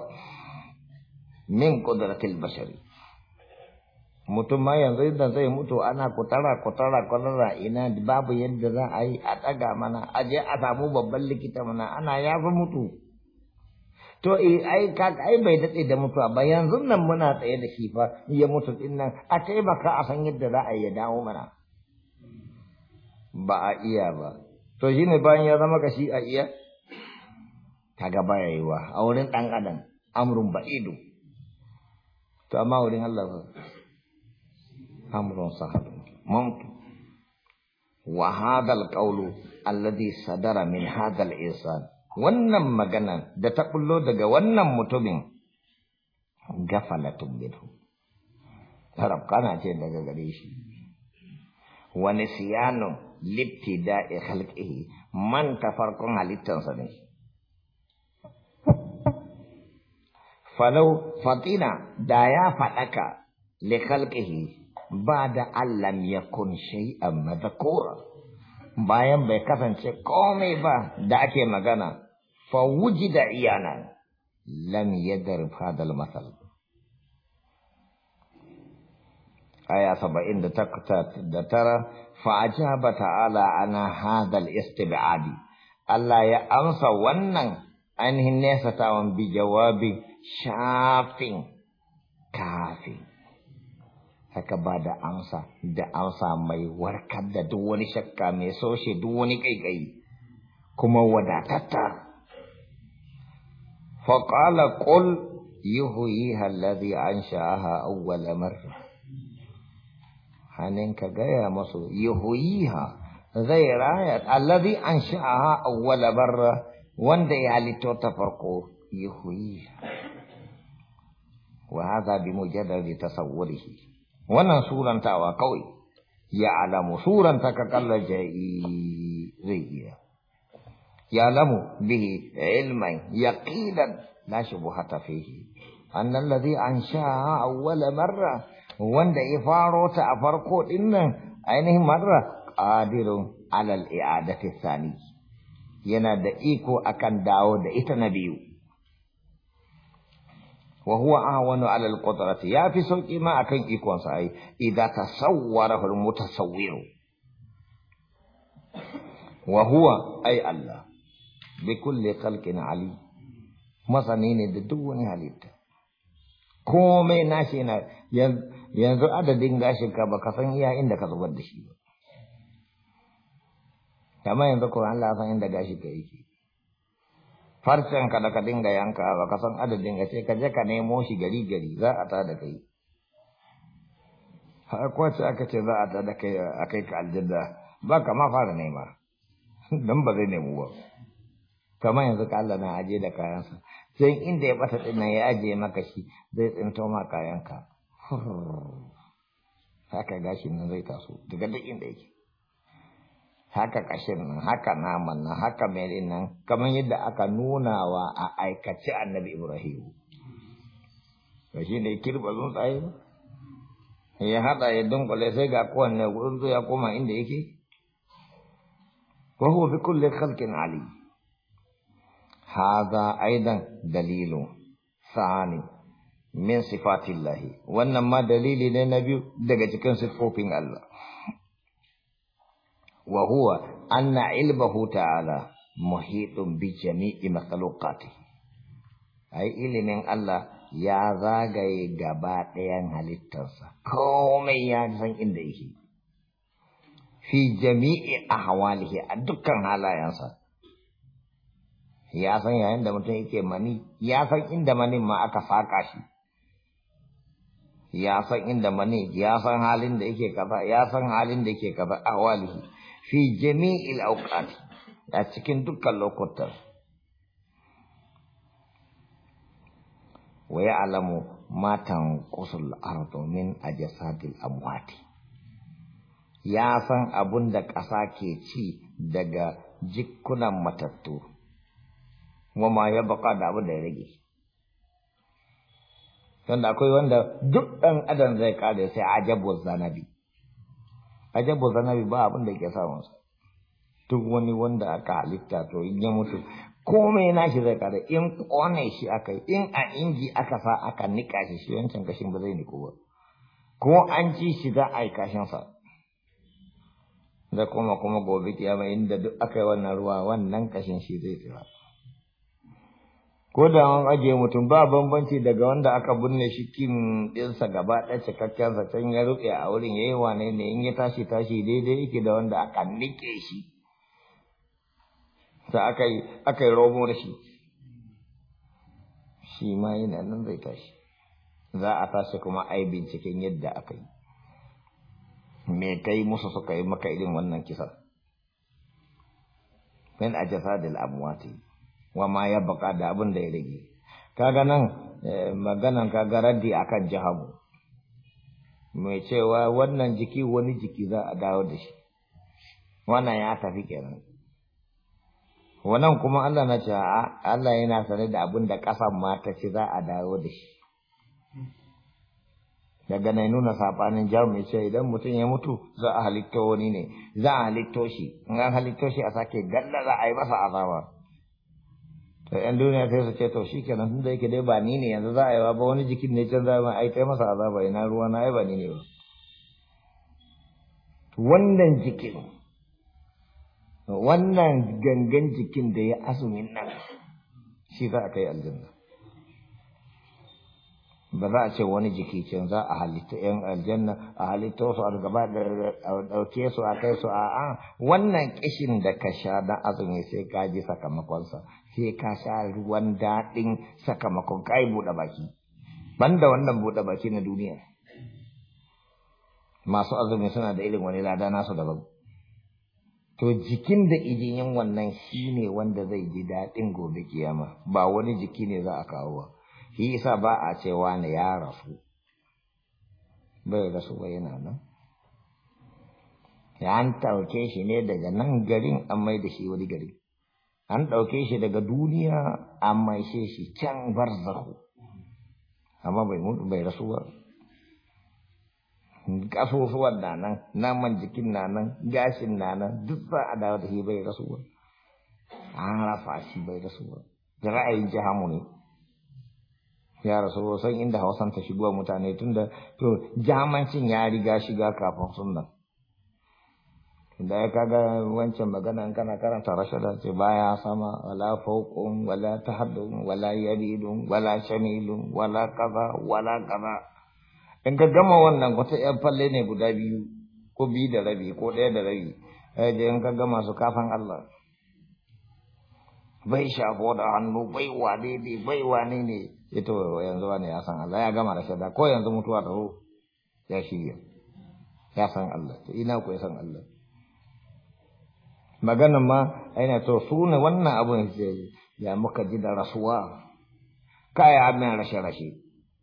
min kudratil bashari mutum ma yanzu idan zai mutu ana kutara kutara kutara ina babu yadda za a yi a ɗaga mana a je a samu babban likita mana ana ya mutu to eh, ai ai bai daɗe da mutuwa ba yanzu nan muna tsaye da shi fa ya mutu ɗin nan a taimaka a san yadda za a yi ya dawo mana ba a iya ba to shi ne bayan ya zama kashi a iya kaga yi wa, a wurin ɗan adam ba ido. to amma wurin Allah fa amrun sahab mumkin wa hadal ƙaulu. alladhi sadara min hadal al wannan magana da ta ƙullo daga wannan mutumin gafalatun ta. tarab na ce daga gare shi wani siyano لابتداء خلقه من تفرقون على التنصبين فلو فطينا دايا فتكا لخلقه بعد أن لم يكن شيئا مذكورا bayan bai kasance komai ba da ake magana fa wujida iyanan lam yadar fadal masal aya saba'in da da tara fa'ajaba ta'ala ana hadal istib'adi Allah ya amsa wannan ainihin nesa tawan bi jawabi shafin kafin haka ba da amsa da amsa mai warkar da duk wani shakka mai soshe duk wani kaikayi kuma wadatatta فقال قل يهويها الذي أنشأها أول مرة حنين كجايا مصر يهويها غير راية الذي أنشأها أول برة واندي علي توتا فرقو يهويها وهذا بمجرد تصوره وانا سورا تاوى قوي يعلم سورا تككل جائي يعلم به علما يقينا لا شبهة فيه أن الذي أنشأها أول مرة wanda ya faro ta a farko din nan ainihin marra qadirun alal i'adati sani yana da iko akan dawo da ita na biyu wa huwa awanu alal qudrati ya fi sauki ma akan ikon sa ai idan tasawwara al mutasawwir wa huwa ay Allah bi kulli khalqin ali masani ne da duk wani halitta komai nashi na yanzu yanzu adadin gashinka ba ka san iya inda ka zubar da shi ba amma yanzu ko Allah san inda gashi ka yake farcen ka da ka dinga yanka ba ka san adadin ka ce ka je ka nemo shi gari gari za a ta da kai har kwace aka ce za a ta da kai a kai ka aljanna ba ka ma fara nema dan ba zai nemo ba kama yanzu ka Allah na aje da kayansa sai inda ya bata nan ya aje maka shi zai tsinto ma kayanka *laughs* haka gashin nan zai taso daga duk inda yake haka kashin nan haka naman nan haka mai nan kamar yadda aka nunawa a aikace annabi ibrahim ba shi ne kirba tsuntsaye ba ya haɗa ya dunkule sai ga kowanne tsuntsu ya koma inda yake wa huwa bi kulli khalqin ali hadha aidan dalilun sani min sifatillahi wannan ma dalili ne na biyu daga cikin sifofin Allah wa huwa anna ilmahu ta'ala muhitun bi jami'i makhluqati ai ilimin Allah ya zagaye gaba ɗayan halittarsa komai ya san inda yake fi jami'i ahwalihi a dukkan halayensa ya san yayin da mutum yake mani ya san inda manin ma aka saka shi ya san inda mani ya san halin da yake gaba ya san halin da yake kaza awalihi fi jami'il awqat a cikin dukkan lokutan wa ya'lamu ma tanqusul ardu min ajsadil amwat ya san abun da ƙasa ke ci daga jikunan matattu wa ma ya baka da abun da ya rage Tunda akwai wanda duk ɗan adam zai kare sai ajabu zanabi. Ajabu zanabi ba abin da ke samun Duk wani wanda aka halitta to in ya mutu komai shi zai kare in kone shi aka in a inji aka sa aka nika shi shi wancan kashin ba zai niko ba. Ko an ci shi za a yi kashin sa. Da kuma kuma gobe kiyama inda duk aka yi wannan ruwa wannan kashin shi zai tsira. ko da an ajiye mutum ba bambanci daga wanda aka binne shi kin dinsa gaba ɗaya cikakken sa can ya rufe a wurin yayi wane ne in ya tashi tashi daidai yake da wanda aka nike shi sa aka yi aka yi shi shi ma yana nan zai tashi za a tashi kuma ai binciken yadda aka yi me kai musu suka yi maka irin wannan kisa min ajasadil amwati wa ma ya baka da abin da ya rage kaga nan eh, maganan kaga raddi akan jahamu mai cewa wannan jiki wani jiki za a dawo da shi wannan ya tafi kenan wannan kuma Allah na ce Allah yana sane da abin da kasan ma ta ce za a dawo da shi daga nan nuna sabanin mai ce idan mutum ya mutu za a halitta wani ne za a halitto shi in an halitto shi a sake galla za a yi masa azaba da yan duniya sai su ce to shi kenan tun da yake dai ba ni ne yanzu za a yi ba ba wani jikin ne can za a ai kai masa azaba ina ruwa na ai ba ni ne ba wannan jikin wannan gangan jikin da ya azumin nan shi za a kai aljanna ba za a ce wani jiki can za a halitta yan aljanna a halitta wasu a gaba da dauke su a kai su a wannan kishin da ka sha na azumi sai ka sakamakonsa sai ka sha ruwan daɗin sakamakon kai buɗe baki banda wannan buɗe baki na duniya masu azumi suna da irin wani lada nasu daban to jikin da yin wannan shi ne wanda zai ji daɗin gobe kiyama ba wani jiki ne za a kawo ba shi isa ba a cewa ne ya rasu bai rasu ba yana nan ya an tauke shi ne daga nan garin an mai da shi wani gari an ɗauke shi daga duniya an maishe shi can barzahu amma bai mutu bai rasu ba ƙasusuwan na nan naman jikin na nan gashin na nan duk ba a dawo da shi bai rasu ba an rafa shi bai rasu ba da ra'ayin jihamu ne ya rasu san inda hausan ta shigo mutane tunda to jamancin ya riga shiga kafin sunan da ya kaga wancan magana kana karanta rashada ce baya sama wala fawqun wala tahaddun wala yabidun wala shamilun wala kaza wala kaza in ka gama wannan wata yan falle ne guda biyu ko biyu da rabi ko ɗaya da rabi eh je in ka gama su kafan Allah bai shafo da hannu bai wa ne bai wa ne ne ita yanzu wani ya san Allah ya gama rashada ko yanzu mutuwa ta ya shirya ya san Allah ina ku ya san Allah maganan ma yana to su ne wannan abun ya muka ji da rasuwa kaya abin rashe-rashe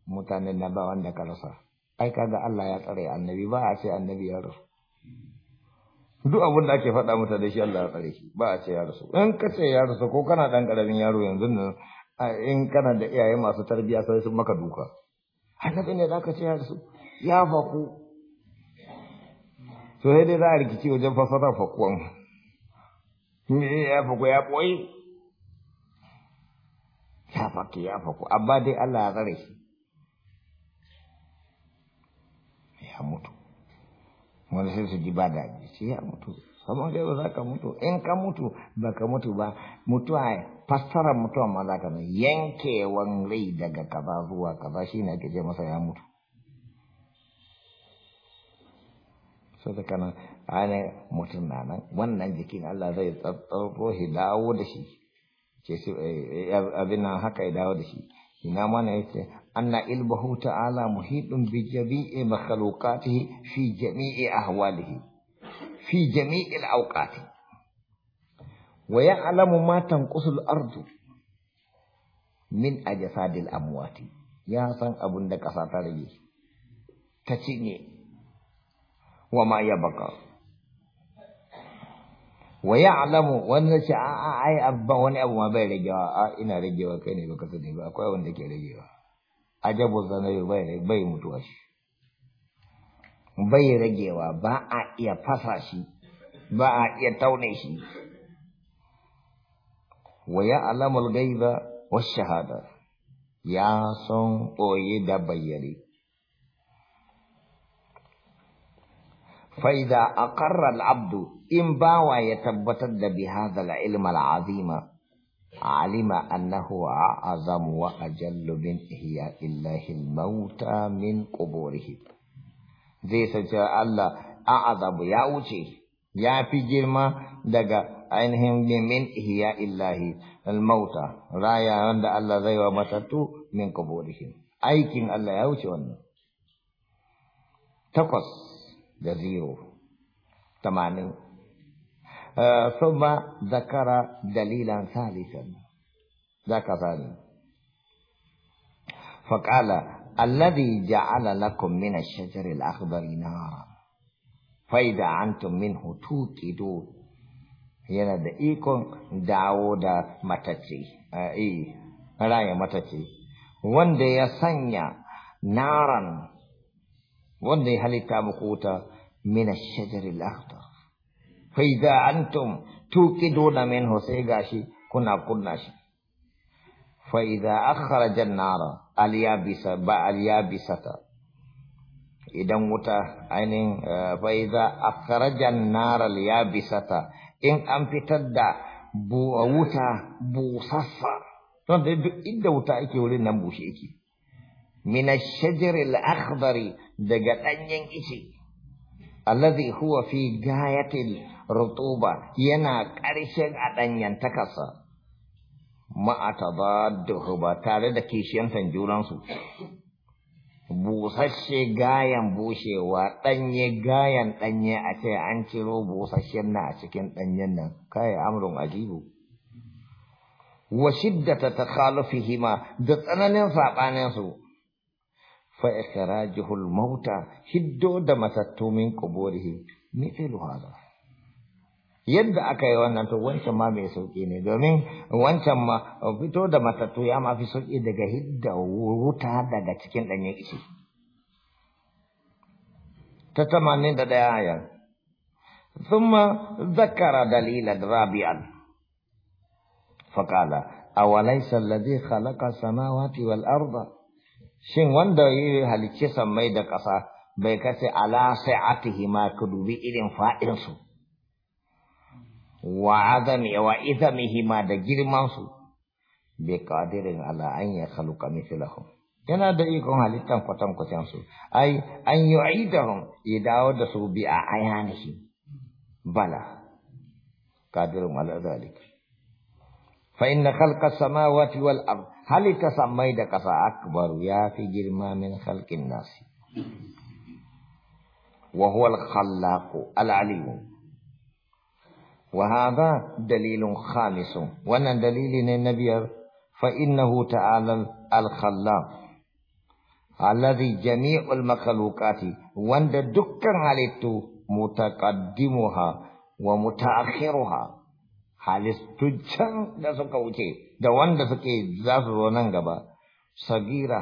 mutanen na ba wanda ka rasa ai kaga Allah ya tsare annabi ba a ce annabi ya rasu duk abin da ake faɗa mata da shi Allah ya tsare shi ba a ce ya rasu in ka ce ya rasu ko kana dan karamin yaro yanzu nan in kana da iyaye masu tarbiyya sai sun maka duka annabi ne zaka ce ya rasu ya faku to sai dai za a rikici wajen fasara fakuwan ya faku ya ɓoye ya faku ya faku amma dai Allah ya tsare shi ya mutu wani sai su ji ba da shi ya mutu sama dai ba za ka mutu in ka mutu ba ka mutu ba Mutu mutuwa fassarar mutu amma za ka yankewan rai daga kaza zuwa kaza shi ne ake ce masa ya mutu sau da kana ana mutum na nan wannan jikin Allah zai tsatsauko shi dawo da shi ce su eh, eh, abin nan haka ya dawo da shi ina mana yace anna ilbahu ta'ala muhitun bi jami'i makhluqatihi fi jami'i ahwalihi fi jami'i al awqati wa ya'lamu ma tanqusul ardu min ajsadil amwati ya san abun da kasa ta rage ta cinye wa ma ya baka. wa ya'lamu wanda shi a a ai abba wani abu ma bai ragewa a ina ragewa kai ne baka sani ba akwai wanda ke ragewa ajabu zanayi bai bai mutuwa shi bai ragewa ba a iya fasa shi ba a iya taune shi wa ya'lamul ghaiba wash shahada ya san koyi da bayyane فإذا أقر العبد إن باوى يتبتد بهذا العلم العظيم علم أنه أعظم وأجل من إحياء الله الموتى من قبورهم زي سجاء الله أعظم يا أوتي يا في جرما دقا أنهم من إحياء الله الموتى mauta عند الله زي ومتتو من matattu أي كن الله Allah ya تقص the زيرو ثمانين آه، ثم ذكر دليلا ثالثا ذاك ثاني فقال الذي جعل لكم من الشجر الأخضر نارا فإذا أنتم منه توقدون yana da ikon dawo da matacce a raya matacce wanda ya naran wanda ya halitta muku wuta min ash-shajaril akhdar fa idza antum tuqiduna min husay gashi kuna kunna shi fa idza akhraja an-nara al-yabisa ba al-yabisata idan wuta ainin fa idza akhraja an-nara al-yabisata in an fitar da wuta busassa don da duk inda wuta ake wurin nan bushe yake min ash-shajar al-akhdar daga danyen ice alladhi huwa fi gayatil rutuba yana ƙarshen a danyen takasa ma'atabadduhu ba tare da kishiyantan junansu busasshe gayan bushewa ɗanye gayan ɗanye a ce an ciro busasshen na a cikin ɗanyen nan kai amrun ajibu wa shiddata takhalufihima da tsananin saɓaninsu فإخراجه الموتى هدو دمثتو من قبوره مثل هذا يد أكاي وانا تو وانسا ما بيسوكيني دومين وانسا ما فيتو دمثتو ياما في سوكي دقا هدو ووتا دقا تكين لن يكسي تتمانين دا دايا ثم ذكر دليلا رابعا فقال أوليس الذي خلق السماوات والأرض shin wanda ya halicci sammai da ƙasa bai kace ala sai atihi ma ka dubi irin fa'in su wa azami wa izamihi ma da girman su bi qadirin ala an ya khalqa mithlahum yana da ikon halittan kwatan kwatan su ai an yu'idahum idawo da su bi a ayanihi bala qadirun ala zalika fa inna khalqa samawati wal ardh هل تسميت كسا أكبر يا في جرما من خلق الناس وهو الخلاق العليم وهذا دليل خامس وانا دليل النبي فإنه تعالى الخلاق الذي جميع المخلوقات وان دكر عليه متقدمها ومتأخرها tuccan da suka wuce da wanda suke za su zo nan gaba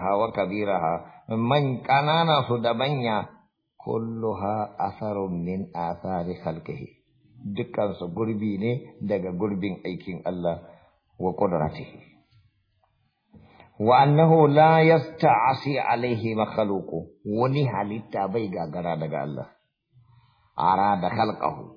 hawa kabira ha man kanana su da manya kulluha asarun min asari khalqihi dukkan su gurbi ne daga gurbin aikin Allah wa qudratihi وأنه لا يستعصي alaihi مخلوق wani halitta bai gagara daga allah أراد خلقه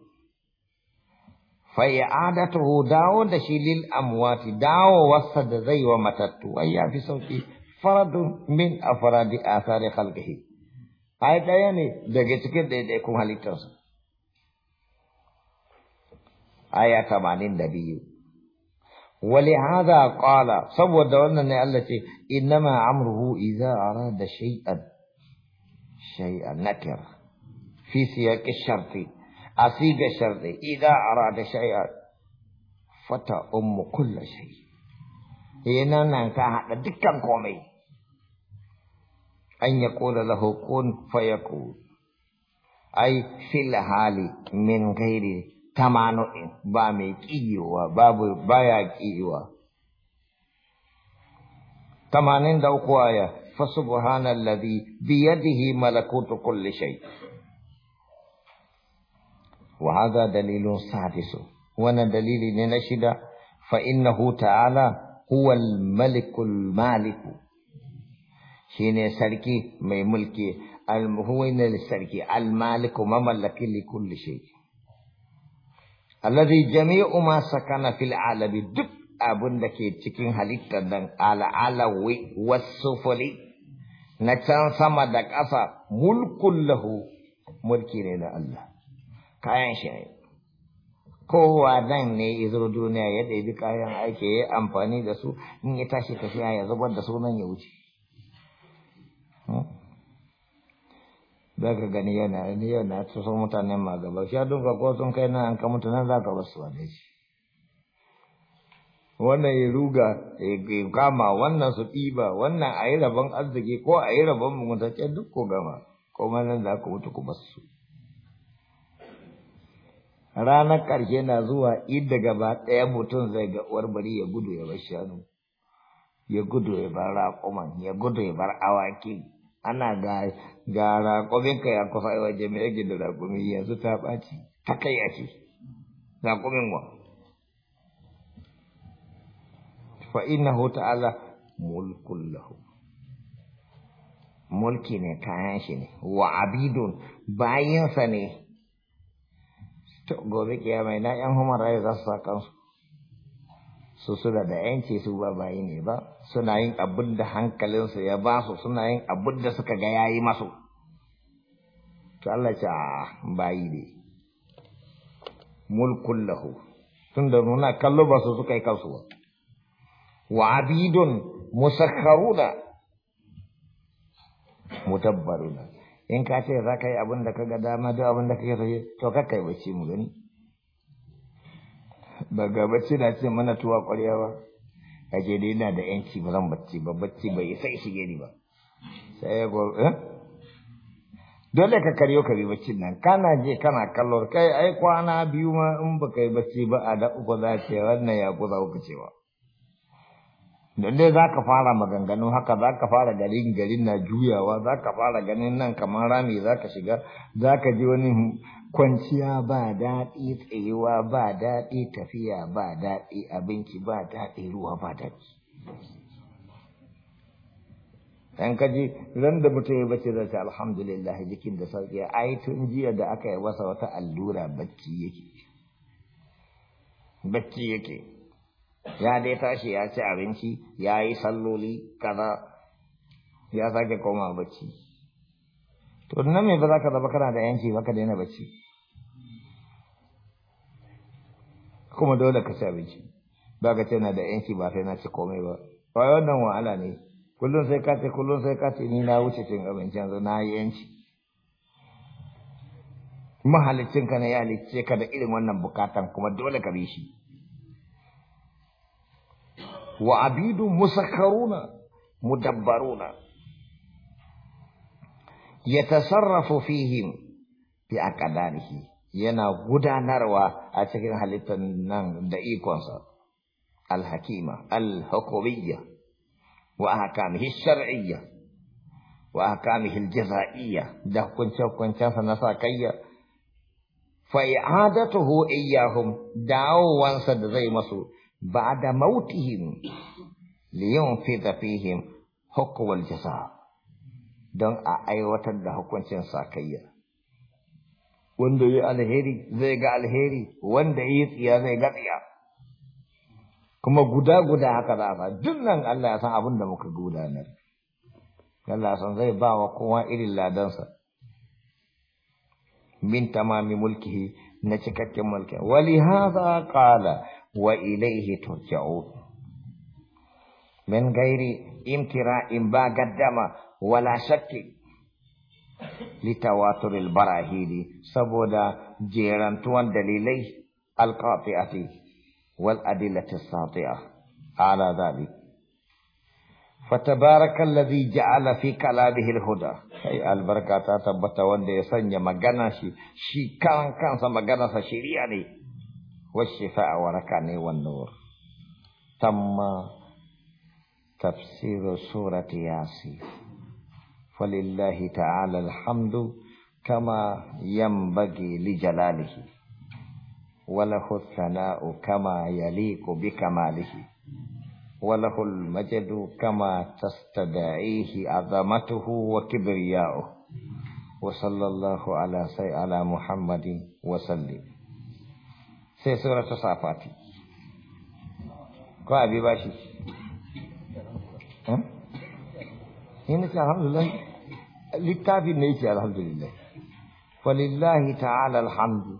فإعادته داو دشي للأموات داو وسد زي ومتت أي في صوتي فرد من أفراد آثار خلقه آية يعني دقيت كده يكون هل التوسط آية النبي ولهذا قال صود ولنا التي إنما عمره إذا أراد شيئا شيئا نكر في سياق الشرط أصيب الشر إذا أراد شيئا فتا أم كل شيء هنا ننكا هذا دكا قومي أن يقول له كن فيكون أي في الحال من غير تمانع بامي كيوا بابو بايا كيوا تمانين دوقوايا فسبحان الذي بيده ملكوت كل شيء وهذا دليل سادس وانا دليل ننشد فإنه تعالى هو الملك المالك حين سركي من ملكي هو السركي المالك مملك لكل شيء الذي جميع ما سكن في العالم دب أبن da تكين cikin halittar على al'alawi wasufuli na can sama da ƙasa mulkun lahu mulki ne kayan shi ne kowa nan ne ya zo duniya ya ɗabi kayan aiki ya amfani da su in ya tashi tafiya ya zubar da su nan ya wuce hmm? za ka gani yana ni yana ta san mutane ma gaba shi dunka ko sun kai nan an ka mutane nan za ka basu wane shi wannan ya ruga ya kama wannan su ɗiba wannan a yi rabon arziki ko a yi rabon mugunta duk ko gama ko nan za ka mutu ku basu su ranar ƙarshe na zuwa idda gaba ɗaya mutum zai ga uwar bari ya gudu ya bar shanu ya gudu ya bar raƙuman ya gudu ya bar awaki ana ga ga raƙumin ka ya kufa yawa jami'a gida raƙumi yanzu ta ɓaci ta kai a ce raƙumin wa fa hu ta'ala mulkul lahu mulki ne kayan shi ne wa abidun bayansa ne gobe kiyama ina yan human rights za su sa kansu su suna da yanci su ba yi ne ba suna yin abin da hankalinsu ya ba su suna yin abin da suka ga yayi masu to Allah ce a bayi ne mulkun lahu tun da nuna kallo ba su suka yi kansu ba wa abidun musakharuna mutabbaruna in ka ce za ka yi abin da ka ga dama duk abin da kake so to ka kai bacci mu gani ba ga bacci na ce mana tuwa ƙwarya ba a ce dai na da yanci ba zan bacci ba bacci bai isa shige ni ba sai ya go eh dole ka karyo ka bi baccin nan kana je kana kallo kai ai kwana biyu ma in baka yi bacci ba a da uku za ce wannan ya za ku cewa lalle za ka fara maganganu haka za ka fara garin garin na juyawa za ka fara ganin nan kamar rami za ka shiga za ka ji wani kwanciya ba daɗi tsayuwa ba daɗi tafiya ba daɗi abinci ba daɗi ruwa ba daɗi dan kaji ran da mutum ya bace zai ce alhamdulillah jikin da sauki ai tun jiya da aka yi wasa wata allura bacci yake bacci yake ya dai tashi ya ci abinci ya yi salloli kaza ya sake koma bacci to nan me ba za ka zaba kana da yanci ba ka daina bacci kuma dole ka ci abinci ba ka ce na da yanci ba sai na ci komai ba ba wannan wahala ne kullum sai ka ce kullum sai ka ce ni na wuce cin abinci yanzu na yi yanci mahaliccinka na ya halicce ka da irin wannan bukatan kuma dole ka bi shi وعبيد مسخرون مدبرون يتصرف فيهم بأقدانه ينا غدا نروى أتكين حالتنا دائقون الحكيمة الحكومية وأحكامه الشرعية وأحكامه الجزائية ده كنت كنت فنساكية فإعادته إياهم دعوا وانسد زي مصر بعد موتهم لينفذ فيهم حكم الجزاء don a aiwatar da hukuncin sakayya wanda yi alheri zai ga alheri wanda yi tsiya zai ga tsiya kuma guda guda haka za a duk nan Allah ya san abin da muka gudanar Allah san zai ba wa kowa irin ladansa min tamami mulkihi na cikakken mulki wali hadha qala وإليه ترجعون من غير امتراء با قدم ولا شك لتواتر البراهين سبودا جيران توان دليلي القاطئة والأدلة الساطعة على ذلك فتبارك الذي جعل في كلامه الهدى أي البركات تبت وندي سنجم مغنى شي شي كان كان سمغنى شرياني والشفاء وركعني والنور تم تفسير سورة ياسين فلله تعالى الحمد كما ينبغي لجلاله وله الثناء كما يليق بكماله وله المجد كما تستدعيه عظمته وكبرياؤه وصلى الله على سيدنا محمد وسلم sai ta safati ko abi ba shi eh? ina ce alhamdulillah littafin ne yake alhamdulillah walillahi ta'ala alhamdu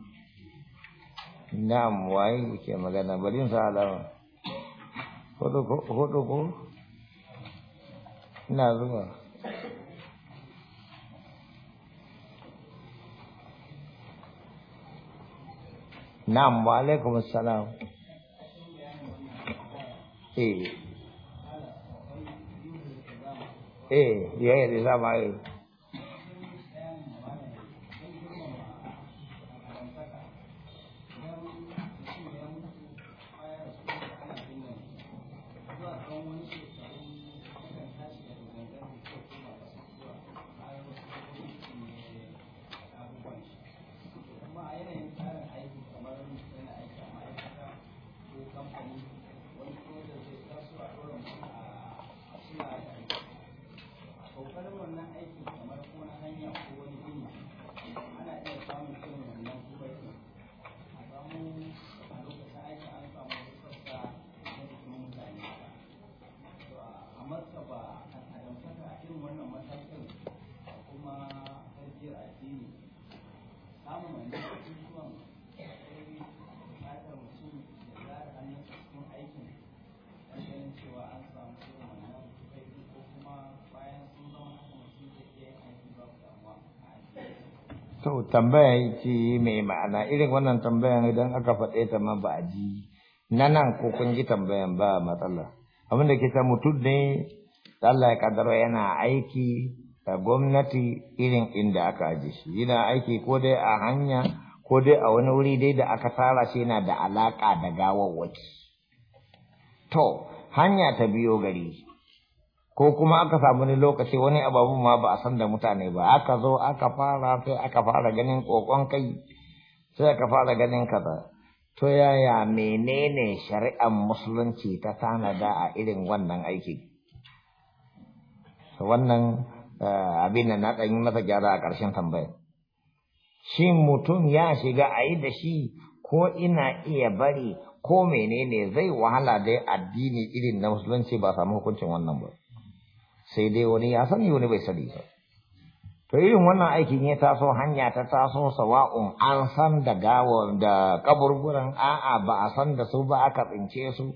na'am waye yake magana bari sa alama hodo ko hodo ko ina zuwa Na'am wa alaikum assalam. Eh. Eh, ya tambaya ce mai ma'ana irin wannan tambayan idan aka faɗe ta ma ba ji na nan ko kun ji tambayan ba matsala abin da ke ta mutum ne Allah ya kaddara yana aiki a gwamnati irin inda aka aje shi yana aiki ko dai a hanya ko dai a wani wuri dai da aka tsara shi yana da alaka da gawawwaki to hanya ta biyo gari ko kuma aka samu ne lokaci wani ababu ma ba a san da mutane ba aka zo aka fara sai aka fara ganin kokon kai sai aka fara ganin kaza to yaya menene shari'ar musulunci ta tanada a irin wannan aiki wannan eh, abin nan na ɗan yi masa gyara a ƙarshen tambayar Shin mutum ya shiga ayi da shi ko ina iya bari ko menene zai wahala dai addini irin na musulunci ba samu hukuncin wannan ba sai dai wani ya sani wani bai sani ba to irin wannan aikin ya taso hanya ta taso sawa'un an san da gawar da kaburburan a'a ba a san da su ba aka tsince su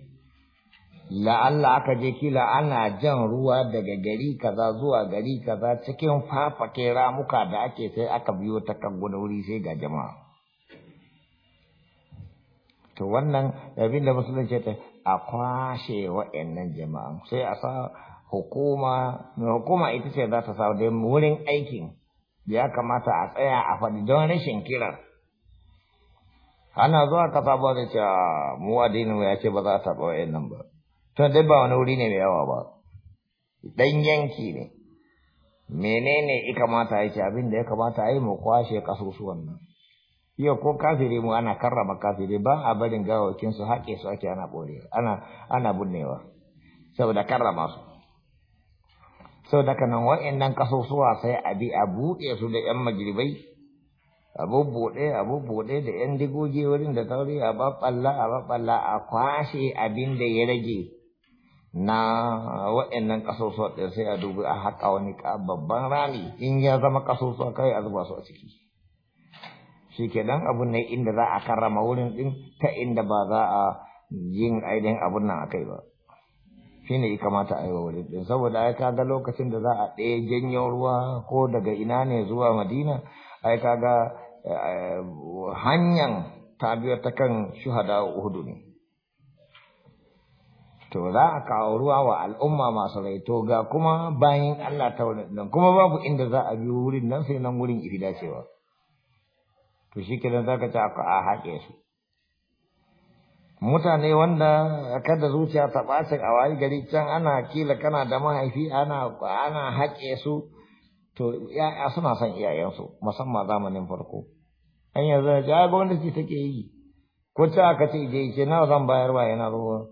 la'alla aka je kila ana jan ruwa daga gari kaza zuwa gari kaza cikin fafake ramuka da ake sai aka biyo ta kan wuri sai ga jama'a to wannan abin musulunci ta a kwashe wa'annan jama'a sai a sa hukuma mai hukuma ita ce za ta sa wurin aikin ya kamata a tsaya a faɗi don rashin kira ana zuwa kasa ba zai ce ah, mu addinin ya ce ba za ta taɓa wayan nan ba tun dai ba wani wuri ne mai yawa ba dan yanki ne menene ya kamata ya ce abin da ya kamata a yi mu kwashe kasusuwan nan iya ko kafiri mu ana karrama kafiri ba a barin gawakin su haƙe su ake ana ɓorewa ana ana saboda karrama su sau daga nan wa'annan kasusuwa sai a bi a buɗe su da ‘yan majiribai a bubbuɗe da ‘yan digogi wurin da tauri a babballa a babballa a kwashe abin da ya rage na wa'annan kasusuwa ɗin sai a dubu a haƙa wani babban rami in ya zama kasusuwa kai a zuba su a ciki shi ke dan abun ne inda za a karrama wurin ɗin ta inda ba za a yin ainihin abun nan a kai ba. shi ne ya kamata a yi wa walidin saboda ai kaga lokacin da za a ɗaya janyo ruwa ko daga ina ne zuwa madina ai kaga eh, hanyar tabiyar ta kan shuhada hudu ne to za a kawo ruwa wa al'umma masu rai to ga kuma bayan Allah ta wani nan kuma babu inda za a bi wurin nan sai nan wurin ifi dacewa to shi kenan za ka ci a haƙe su mutane wanda kada zuciya ta bacin a wari gari can ana kila kana da mahaifi ana ana haƙe su to ya'ya suna son iyayensu musamman zamanin farko an yanzu ga gwamnati take yi ko ta aka ce je ce nawa zan bayarwa yana ruwa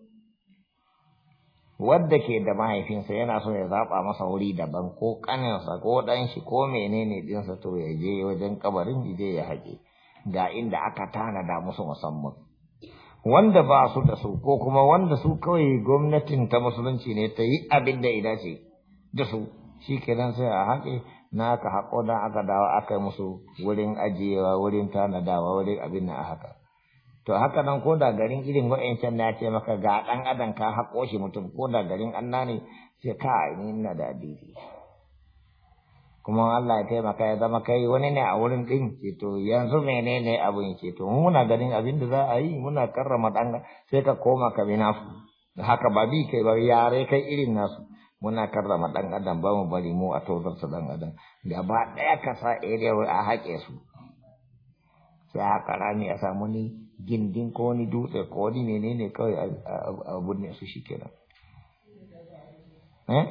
wadda ke da mahaifinsa yana so ya zaba masa wuri daban ko kaninsa ko dan shi ko menene dinsa to ya je wajen kabarin je ya haƙe ga inda aka tanada musu musamman wanda ba su da su ko kuma wanda su kawai gwamnatin ta musulunci ne ta yi abin da ya ce da su shi kenan sai a haƙe na aka haƙo don aka dawa aka yi musu wurin ajiyewa wurin tanadawa wurin abin na haka to haka nan ko da garin irin wa'ancan na ce maka ga ɗan adam ka haƙo shi mutum ko da garin anna ne sai ka ni ina da addini kuma Allah ya taimaka ya zama kai wani ne a wurin din to yanzu menene abin ce to muna ganin abin da za a yi muna karrama dan sai ka koma ka bi nasu haka ba bi kai ba yare kai irin nasu muna karrama dan adam ba mu bari eh, eh, ah, mu ah, ah, eh? a su dan adam gaba daya ka sa area a hake su sai a rami a samu ni gindin ko ni dutse ko ni menene kawai a burne su shikenan eh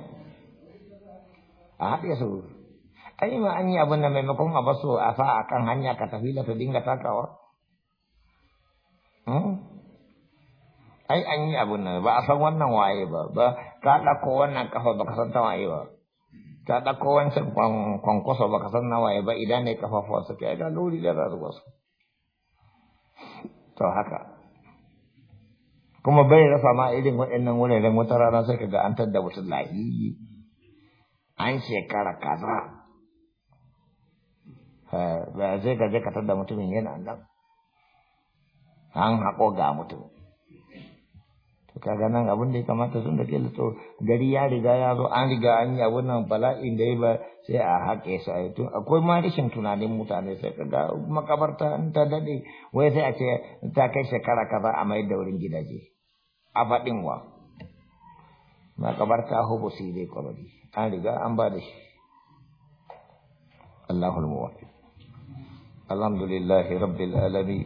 a haɗe su ai ma an yi abin da maimakon a basu a sa a kan hanya ka tafi da ta dinga takawa hmm? ai an yi abin nan ba a san wannan waye ba ba ta ɗauko wannan kafa ba ka san ta waye ba ta ɗauko wancan kwankwaso ba ka san na waye ba idan ne kafafuwa su kai da lori da za su wasu to haka kuma bai rasa ma irin waɗannan wuraren wata rana sai ka ga an tadda mutum lahiyi an shekara kaza ba eh, zai gaje ka tada mutumin yana nan an haƙo ga mutum to ga nan abin da ya kamata sun da kila to gari ya riga ya zo an riga an yi abin nan da ya ba sai a haƙe sa a tun akwai ma rashin tunanin mutane sai ga makabarta in ta daɗe wai sai a ce ta kai shekara kaza a mai da wurin gidaje a faɗin wa makabarta hubu sai dai kwalari an riga an ba da shi Allahul Muwaffiq الحمد لله رب العالمين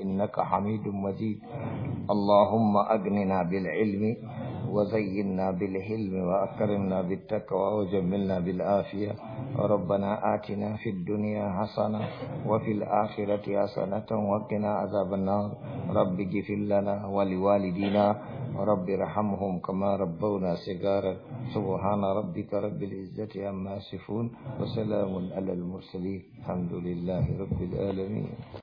إنك حميد مجيد اللهم أغننا بالعلم وزينا بالحلم وأكرمنا بالتقوى وجملنا بالآفية ربنا آتنا في الدنيا حسنة وفي الآخرة حسنة وقنا عذاب النار رب اغفر لنا ولوالدينا رب ارحمهم كما ربونا صغارا سبحان ربك رب العزة عما يصفون وسلام على المرسلين الحمد لله رب العالمين